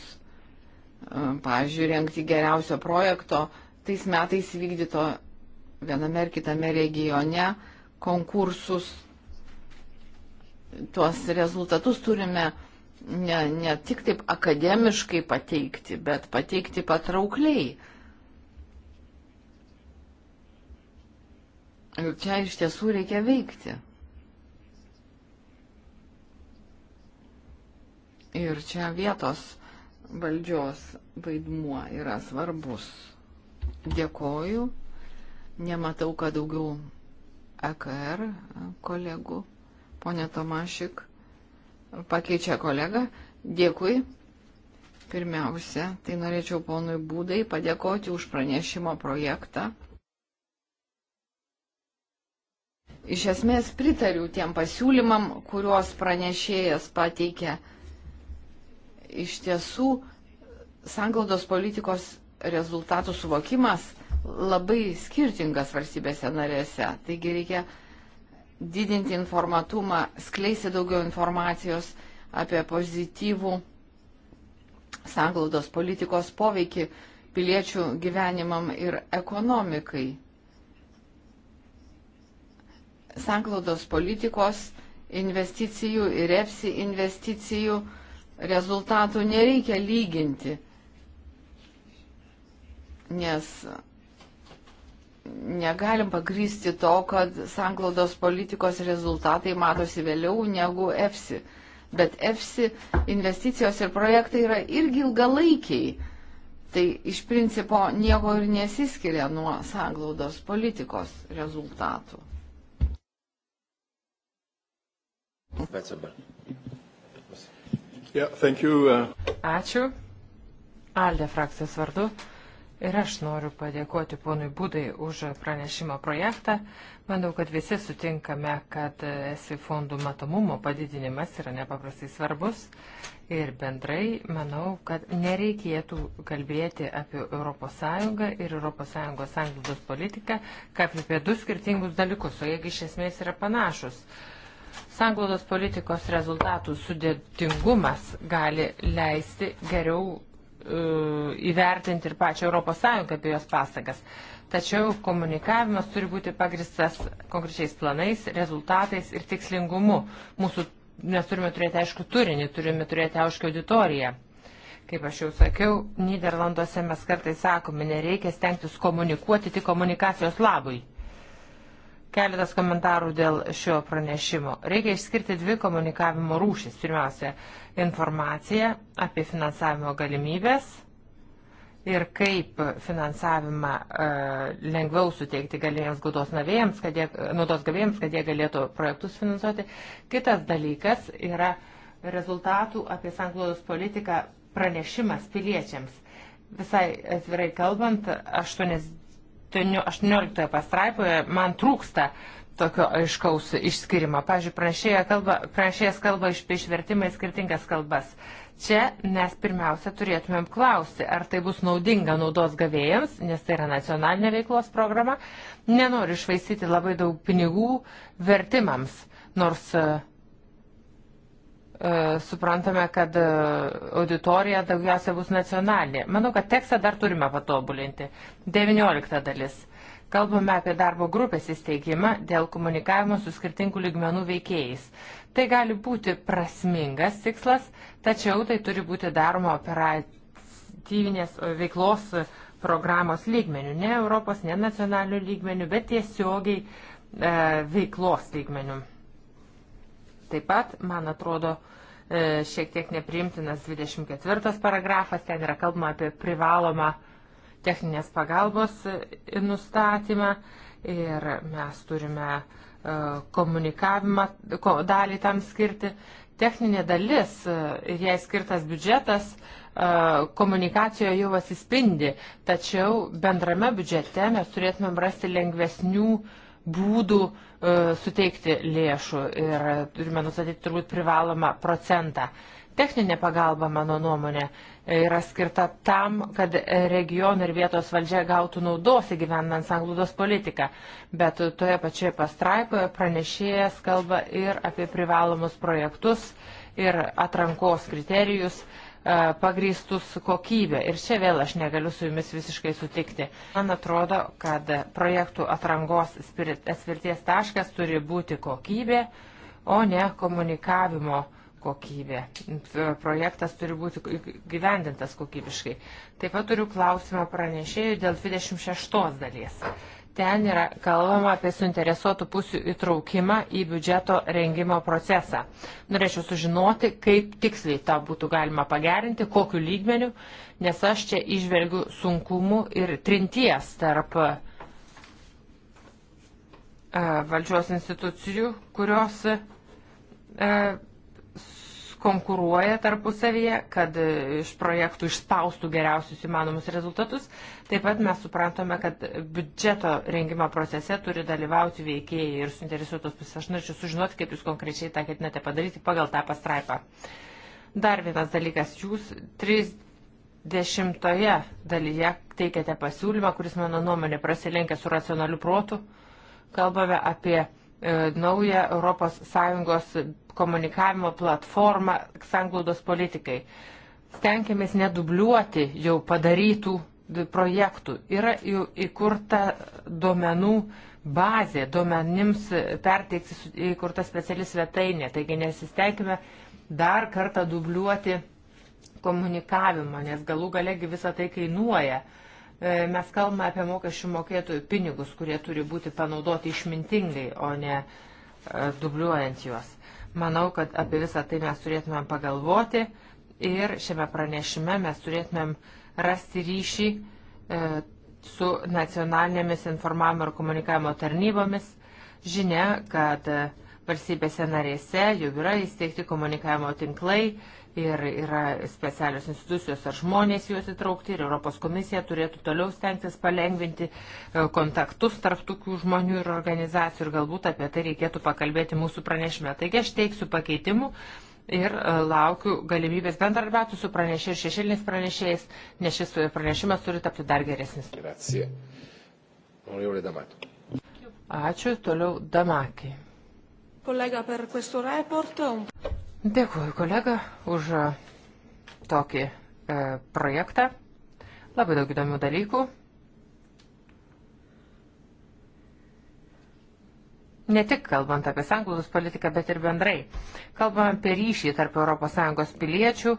um, pavyzdžiui, rengti geriausio projekto tais metais vykdyto viename ar kitame regione konkursus. Tuos rezultatus turime ne, ne tik taip akademiškai pateikti, bet pateikti patraukliai. Ir čia iš tiesų reikia veikti. Ir čia vietos valdžios vaidmuo yra svarbus. Dėkoju. Nematau, kad daugiau EKR kolegų. Pone Tomašik pakeičia kolega. Dėkui. Pirmiausia, tai norėčiau ponui Būdai padėkoti už pranešimo projektą. Iš esmės pritariu tiem pasiūlymam, kuriuos pranešėjas pateikė. Iš tiesų, sanglaudos politikos rezultatų suvokimas labai skirtingas valstybėse narėse. Taigi reikia didinti informatumą, skleisti daugiau informacijos apie pozityvų sanglaudos politikos poveikį piliečių gyvenimam ir ekonomikai. Sanklaudos politikos investicijų ir EFSI investicijų rezultatų nereikia lyginti, nes negalim pagrysti to, kad sanglaudos politikos rezultatai matosi vėliau negu EFSI. Bet EFSI investicijos ir projektai yra irgi ilgalaikiai. Tai iš principo nieko ir nesiskiria nuo sanglaudos politikos rezultatų. Yeah, uh, Ačiū. Aldė frakcijos vardu. Ir aš noriu padėkoti ponui Budai už pranešimo projektą. Manau, kad visi sutinkame, kad esi fondų matomumo padidinimas yra nepaprastai svarbus. Ir bendrai manau, kad nereikėtų kalbėti apie ES ir ES sanglaudos politiką, kaip apie du skirtingus dalykus, o jiegi iš esmės yra panašus. Sanglaudos politikos rezultatų sudėtingumas gali leisti geriau E, įvertinti ir pačią ES apie jos pasakas. Tačiau komunikavimas turi būti pagristas konkrečiais planais, rezultatais ir tikslingumu. Mūsų, mes turime turėti aišku turinį, turime turėti aišku auditoriją. Kaip aš jau sakiau, Niderlanduose mes kartais sakome, nereikia stengtis komunikuoti tik komunikacijos labui. Keletas komentarų dėl šio pranešimo. Reikia išskirti dvi komunikavimo rūšis. Pirmiausia, informacija apie finansavimo galimybės ir kaip finansavimą e, lengviau suteikti galėjams gaudos navėjams, kad jie, naudos gavėjams, kad jie galėtų projektus finansuoti. Kitas dalykas yra rezultatų apie sanglaudos politiką pranešimas piliečiams. Visai atvirai kalbant, 80 18 pastraipoje man trūksta tokio aiškaus išskirimo. Pavyzdžiui, pranešėjas kalba, pranešėjas kalba iš, išvertimą į skirtingas kalbas. Čia mes pirmiausia turėtumėm klausti, ar tai bus naudinga naudos gavėjams, nes tai yra nacionalinė veiklos programa. Nenoriu išvaistyti labai daug pinigų vertimams, nors uh, E, suprantame, kad e, auditorija daugiausia bus nacionalinė. Manau, kad tekstą dar turime patobulinti. 19 dalis. Kalbame apie darbo grupės įsteigimą dėl komunikavimo su skirtingų lygmenų veikėjais. Tai gali būti prasmingas tikslas, tačiau tai turi būti daroma operatyvinės veiklos programos lygmenių, ne Europos, ne nacionalinių lygmenių, bet tiesiogiai e, veiklos lygmenių. Taip pat, man atrodo, e, šiek tiek nepriimtinas 24 paragrafas, ten yra kalbama apie privalomą techninės pagalbos e, nustatymą ir mes turime e, komunikavimą dalį tam skirti. Techninė dalis ir jai skirtas biudžetas komunikacijoje jau atsispindi, tačiau bendrame biudžete mes turėtumėm rasti lengvesnių uh, būdų e, suteikti lėšų ir turime nustatyti turbūt privalomą procentą. Techninė pagalba, mano nuomonė, yra skirta tam, kad regionų ir vietos valdžia gautų naudos įgyvendant sanglūdos politiką. Bet toje pačioje pastraipoje pranešėjas kalba ir apie privalomus projektus ir atrankos kriterijus E, pagrįstus kokybę. Ir čia vėl aš negaliu su jumis visiškai sutikti. Man atrodo, kad projektų atrangos atspirties taškas turi būti kokybė, o ne komunikavimo kokybė. E, projektas turi būti gyvendintas kokybiškai. Taip pat turiu klausimą pranešėjų dėl 26 dalies. Ten yra kalbama apie suinteresuotų pusių įtraukimą į biudžeto rengimo procesą. Norėčiau sužinoti, kaip tiksliai tą būtų galima pagerinti, kokiu lygmeniu, nes aš čia išvelgiu sunkumų ir trinties tarp e, valdžios institucijų, kurios e, konkuruoja tarpusavyje, kad iš projektų išspaustų geriausius įmanomus rezultatus. Taip pat mes suprantame, kad biudžeto rengimo procese turi dalyvauti veikėjai ir suinteresuotos pusės. Aš norėčiau sužinoti, kaip jūs konkrečiai tą ketinate padaryti pagal tą pastraipą. Dar vienas dalykas, jūs 30 dalyje teikiate pasiūlymą, kuris mano nuomonė prasilenkia su racionaliu protu. Kalbame apie E, naują ES komunikavimo platformą sanglaudos politikai. Stenkėmės nedubliuoti jau padarytų projektų. Yra jau įkurta duomenų bazė, duomenims perteiksi įkurta speciali svetainė. Taigi nesistengime dar kartą dubliuoti komunikavimo, nes galų galegi visą tai kainuoja. Uh, E, mes kalbame apie mokesčių mokėtojų pinigus, kurie turi būti panaudoti išmintingai, o ne e, dubliuojant juos. Manau, kad apie visą tai mes turėtumėm pagalvoti ir šiame pranešime mes turėtumėm rasti ryšį e, su nacionalinėmis informavimo ir komunikavimo tarnybomis. Žinia, kad valstybėse narėse jau yra įsteigti komunikavimo tinklai, ir yra specialios institucijos ar žmonės juos įtraukti ir Europos komisija turėtų toliau stengtis palengvinti e, kontaktus tarp tokių žmonių ir organizacijų ir galbūt apie tai reikėtų pakalbėti mūsų pranešime. Taigi aš teiksiu pakeitimų. Ir e, laukiu galimybės bendradarbiauti su pranešėjais ir šešėliniais pranešėjais, nes šis pranešimas turi tapti dar geresnis. Grazie. Ačiū, toliau Damakį. Kolega, per questo report. Dėkuoju kolega už e, tokį e, projektą. Labai daug įdomių dalykų. Ne tik kalbant apie sanglūdus politiką, bet ir bendrai. Kalbame apie ryšį tarp ES piliečių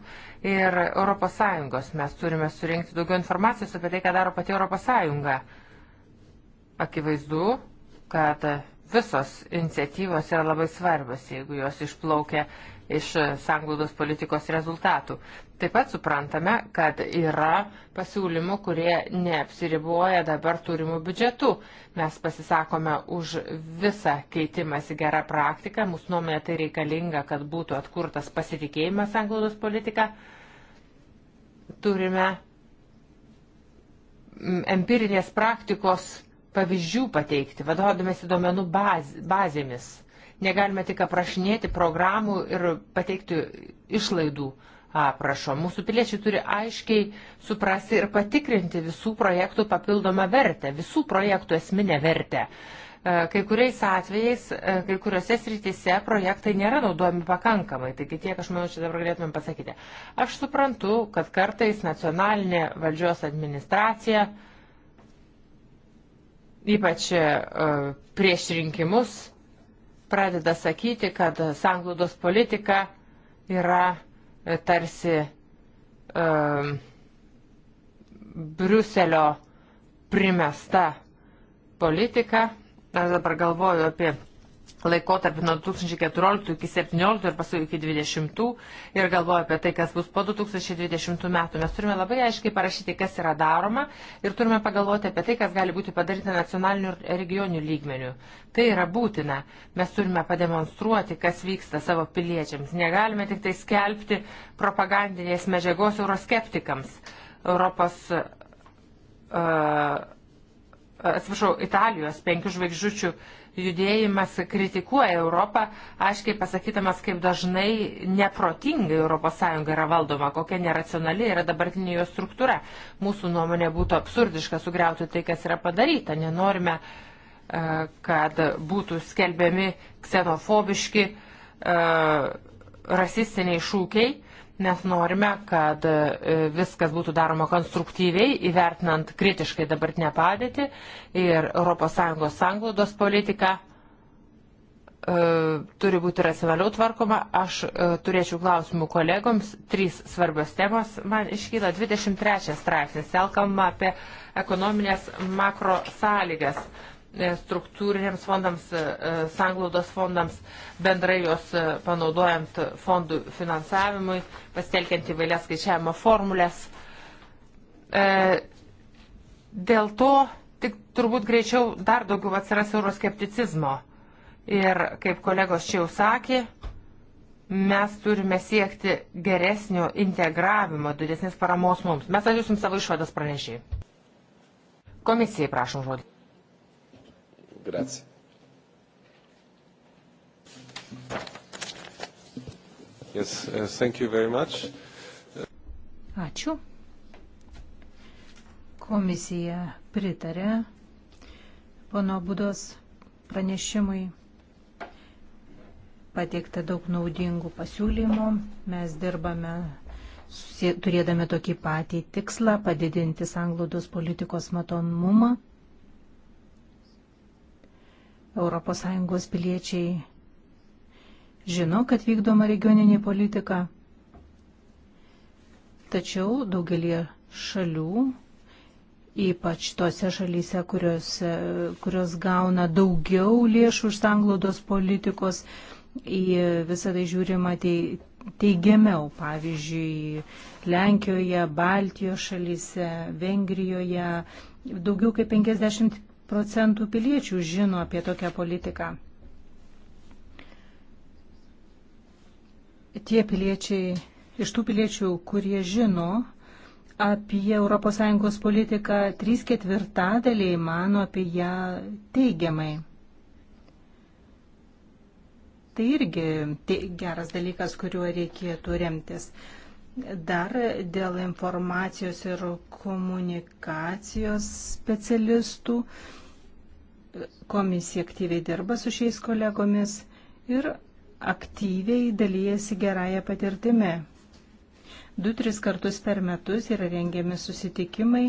ir ES. Mes turime surinkti daugiau informacijos apie tai, ką daro pati ES. Akivaizdu, kad visos iniciatyvos yra labai svarbios, jeigu jos išplaukia iš sanglaudos politikos rezultatų. Taip pat suprantame, kad yra pasiūlymų, kurie neapsiriboja dabar turimų biudžetų. Mes pasisakome už visą keitimąsi gerą praktiką. Mūsų nuomonė tai reikalinga, kad būtų atkurtas pasitikėjimas sanglaudos politika. Turime mm, empirinės praktikos pavyzdžių pateikti, vadovaudomėsi duomenų baz, bazėmis. Negalime tik aprašinėti programų ir pateikti išlaidų aprašo. Mūsų piliečiai turi aiškiai suprasti ir patikrinti visų projektų papildomą vertę, visų projektų esminę vertę. E, kai kuriais atvejais, e, kai kuriuose srityse projektai nėra naudojami pakankamai, taigi tiek aš manau, čia dabar galėtumėm pasakyti. Aš suprantu, kad kartais nacionalinė valdžios administracija, ypač e, prieš rinkimus, pradeda sakyti, kad sanglaudos politika yra e, tarsi um, Briuselio primesta politika. Aš dabar galvoju apie laikotarpį nuo 2014 iki 2017 ir paskui iki 2020 ir galvoju apie tai, kas bus po 2020 metų. Mes turime labai aiškiai parašyti, kas yra daroma ir turime pagalvoti apie tai, kas gali būti padaryta nacionaliniu ir regioniu lygmeniu. Tai yra būtina. Mes turime pademonstruoti, kas vyksta savo piliečiams. Negalime tik tai skelbti propagandinės medžiagos euroskeptikams. Europos. Uh, Atsiprašau, Italijos penkių žvaigždžių judėjimas kritikuoja Europą, aiškiai pasakydamas, kaip dažnai neprotingai ES yra valdoma, kokia neracionali yra dabartinė jo struktūra. Mūsų nuomonė būtų absurdiška sugriauti tai, kas yra padaryta. Nenorime, e, kad būtų skelbiami ksenofobiški, e, rasistiniai šūkiai Mes norime, kad e, viskas būtų daroma konstruktyviai, įvertinant kritiškai dabartinę padėtį ir ES sanglaudos politiką e, turi būti racionaliau tvarkoma. Aš e, turėčiau klausimų kolegoms. Trys svarbios temos. Man iškyla 23 straipsnis. Elkama apie ekonominės makro sąlygas. E, struktūriniams fondams, e, e, sanglaudos fondams, bendrai jos panaudojant fondų finansavimui, pasitelkiant įvairias skaičiavimo formulės. Dėl to tik turbūt greičiau dar daugiau atsiras euroskepticizmo. Ir kaip kolegos čia jau sakė, mes turime siekti geresnio integravimo, didesnės paramos mums. Mes atsiusim savo išvadas pranešiai. Komisijai prašom žodį. Grazie. Yes, uh, thank you very much. Ačiū. Komisija pritarė pono Budos pranešimui. Pateikta daug naudingų pasiūlymų. Mes dirbame turėdami tokį patį tikslą padidinti sanglaudos politikos matomumą ES piliečiai žino, kad vykdoma regioninė politika, tačiau daugelie šalių, ypač tose šalyse, kurios, kurios gauna daugiau lėšų iš sanglaudos politikos, į visą tai žiūrima teigiamiau, pavyzdžiui, Lenkijoje, Baltijos šalyse, Vengrijoje, daugiau kaip 50 procentų piliečių žino apie tokią politiką. Tie piliečiai, iš tų piliečių, kurie žino apie ES politiką, trys ketvirtadaliai mano apie ją teigiamai. Tai irgi geras dalykas, kuriuo reikėtų remtis. Dar dėl informacijos ir komunikacijos specialistų. Uh, Komisija aktyviai dirba su šiais kolegomis ir aktyviai dalyjasi gerąją patirtimį. Du, tris kartus per metus yra rengiami susitikimai,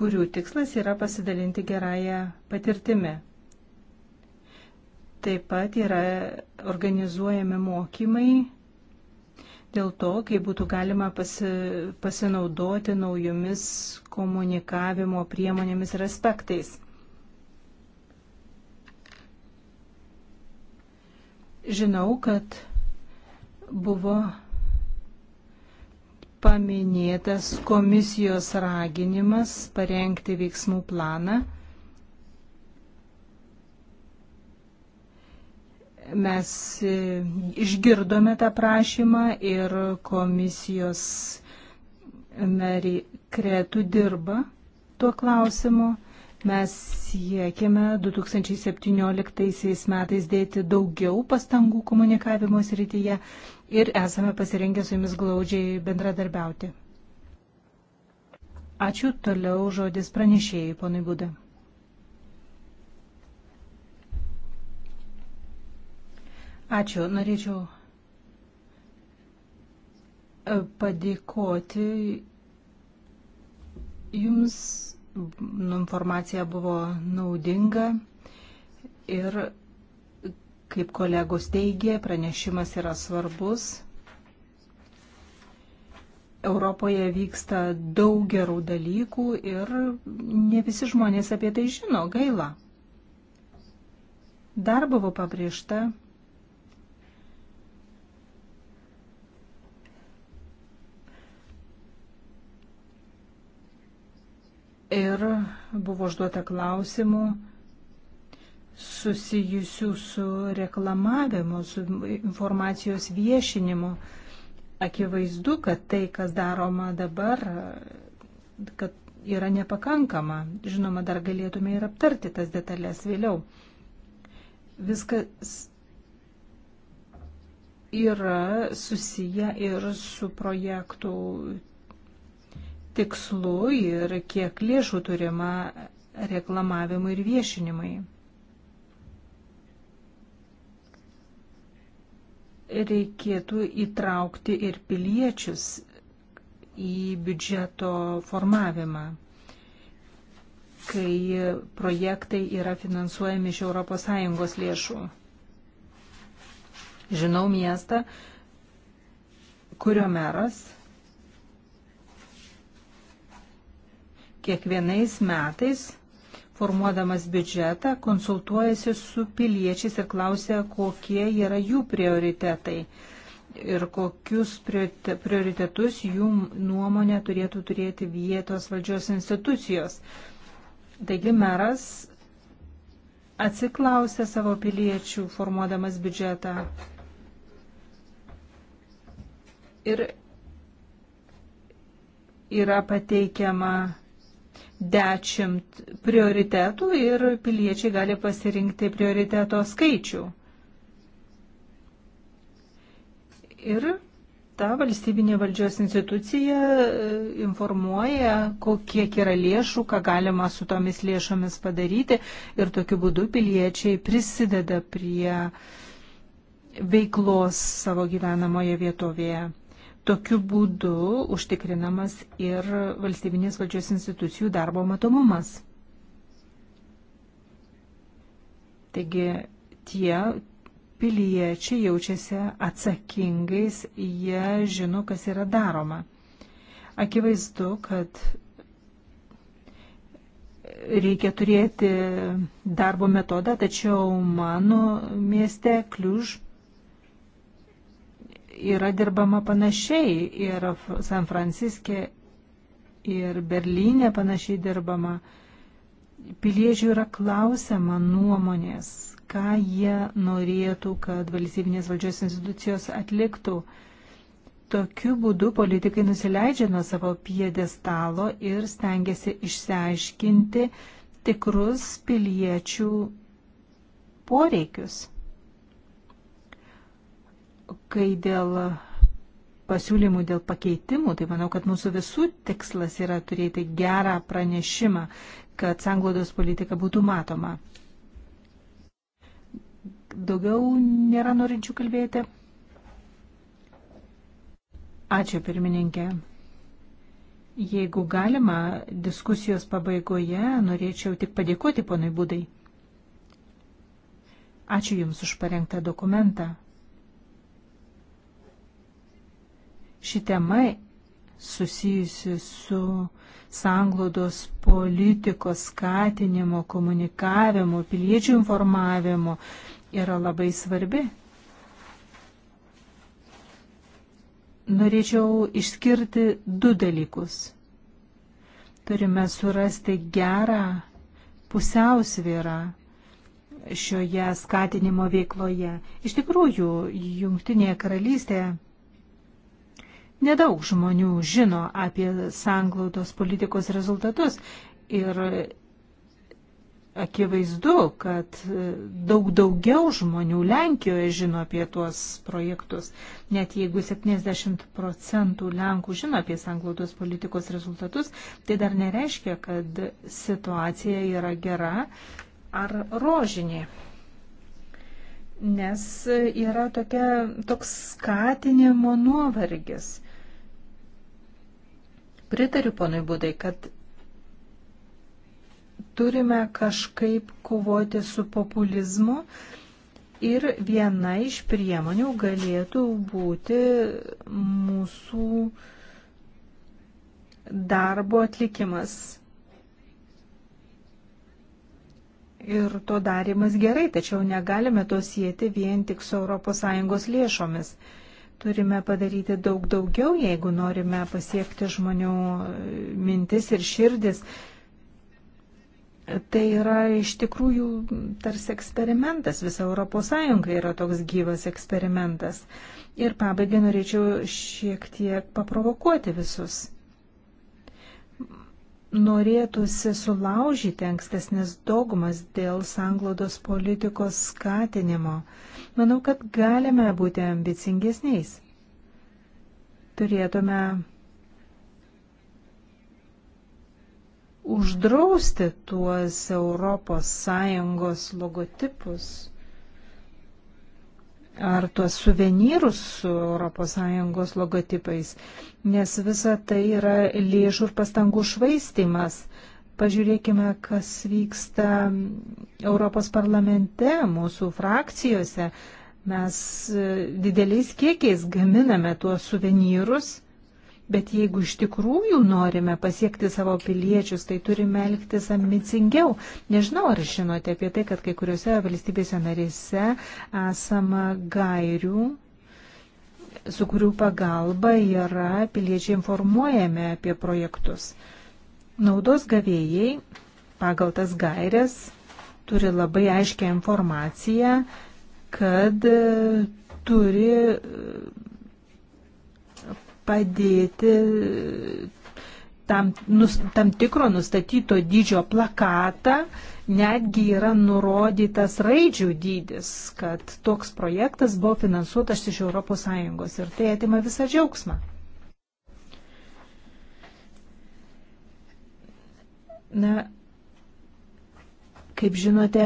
kurių tikslas yra pasidalinti gerąją patirtimį. Taip pat yra organizuojami mokymai dėl to, kaip būtų galima pasi, pasinaudoti naujomis komunikavimo priemonėmis ir aspektais. Žinau, kad buvo paminėtas komisijos raginimas parengti veiksmų planą. Mes e, išgirdome tą prašymą ir komisijos nariai kretų dirba tuo klausimu. Mes siekime 2017 metais dėti daugiau pastangų komunikavimo srityje ir esame pasirengę su jumis glaudžiai bendradarbiauti. Ačiū toliau žodis pranešėjai, ponai Būda. Ačiū, norėčiau e, padėkoti jums Nu, informacija buvo naudinga ir, kaip kolegos teigė, pranešimas yra svarbus. Europoje vyksta daug gerų dalykų ir ne visi žmonės apie tai žino, gaila. Dar buvo pabrėžta, ir buvo užduota klausimų susijusių su reklamavimu, su informacijos viešinimu. Akivaizdu, kad tai, kas daroma dabar, kad yra nepakankama. Žinoma, dar galėtume ir aptarti tas detalės vėliau. Viskas yra susiję ir su projektų tikslu ir kiek lėšų turima reklamavimui ir viešinimui. Reikėtų įtraukti ir piliečius į biudžeto formavimą, kai projektai yra finansuojami iš ES lėšų. Žinau miestą, kurio meras kiekvienais metais, formuodamas biudžetą, konsultuojasi su piliečiais ir klausia, kokie yra jų prioritetai ir kokius prioritetus jų nuomonė turėtų turėti vietos valdžios institucijos. Taigi meras atsiklausė savo piliečių formuodamas biudžetą ir yra pateikiama dešimt prioritetų ir piliečiai gali pasirinkti prioriteto skaičių. Ir ta valstybinė valdžios institucija e, informuoja, kiek yra lėšų, ką galima su tomis lėšomis padaryti ir tokiu būdu piliečiai prisideda prie veiklos savo gyvenamoje vietovėje. Tokiu būdu užtikrinamas ir valstybinės valdžios institucijų darbo matomumas. Taigi tie piliečiai jaučiasi atsakingais, jie žino, kas yra daroma. Akivaizdu, kad reikia turėti darbo metodą, tačiau mano mieste Kliuž yra dirbama panašiai ir San Franciske, ir Berlyne panašiai dirbama. Piliečių yra klausiama nuomonės, ką jie norėtų, kad valstybinės valdžios institucijos atliktų. Tokiu būdu politikai nusileidžia nuo savo piedestalo ir stengiasi išsiaiškinti tikrus piliečių poreikius kai dėl pasiūlymų dėl pakeitimų, tai manau, kad mūsų visų tikslas yra turėti gerą pranešimą, kad sanglaudos politika būtų matoma. Daugiau nėra norinčių kalbėti. Ačiū pirmininkė. Jeigu galima, diskusijos pabaigoje norėčiau tik padėkoti ponui Budai. Ačiū Jums už parengtą dokumentą. Ši tema susijusi su sanglaudos politikos skatinimo, komunikavimo, piliečių informavimo yra labai svarbi. Norėčiau išskirti du dalykus. Turime surasti gerą pusiausvyrą šioje skatinimo veikloje. Iš tikrųjų, Jungtinėje karalystėje Nedaug žmonių žino apie sanglaudos politikos rezultatus ir akivaizdu, kad daug daugiau žmonių Lenkijoje žino apie tuos projektus. Net jeigu 70 procentų Lenkų žino apie sanglaudos politikos rezultatus, tai dar nereiškia, kad situacija yra gera ar rožinė nes yra tokia, toks skatinimo nuovargis. Pritariu ponui Budai, kad turime kažkaip kovoti su populizmu ir viena iš priemonių galėtų būti mūsų darbo atlikimas. Ir to darimas gerai, tačiau negalime to sieti vien tik su ES lėšomis. Turime padaryti daug daugiau, jeigu norime pasiekti žmonių e, mintis ir širdis. Tai yra iš tikrųjų tarsi eksperimentas, visa ES yra toks gyvas eksperimentas. Ir pabaigai norėčiau šiek tiek paprovokuoti visus norėtųsi sulaužyti ankstesnės dogmas dėl sanglaudos politikos skatinimo. Manau, kad galime būti ambicingesniais. Turėtume uždrausti tuos ES logotipus ar tuos suvenyrus su ES logotipais, nes visa tai yra lėšų ir pastangų švaistimas. Pažiūrėkime, kas vyksta Europos parlamente, mūsų frakcijose. Mes e, dideliais kiekiais gaminame tuos suvenyrus Bet jeigu iš tikrųjų norime pasiekti savo piliečius, tai turime elgtis ambicingiau. Nežinau, ar žinote apie tai, kad kai kuriuose valstybėse narėse esama gairių su kurių pagalba yra piliečiai informuojami apie projektus. Naudos gavėjai pagal tas gairias turi labai aiškę informaciją, kad turi padėti tam, nus, tam tikro nustatyto dydžio plakatą, netgi yra nurodytas raidžių dydis, kad toks projektas buvo finansuotas iš ES ir tai atima visą džiaugsmą. Na, kaip žinote,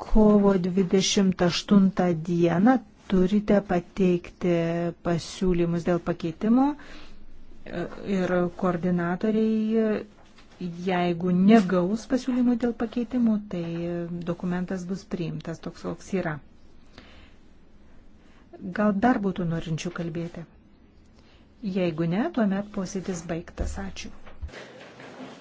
kovo 28 dieną turite pateikti pasiūlymus dėl pakeitimo ir koordinatoriai, jeigu negaus pasiūlymų dėl pakeitimų, tai dokumentas bus priimtas toks, koks yra. Gal dar būtų norinčių kalbėti? Jeigu ne, tuomet posėdis baigtas. Ačiū.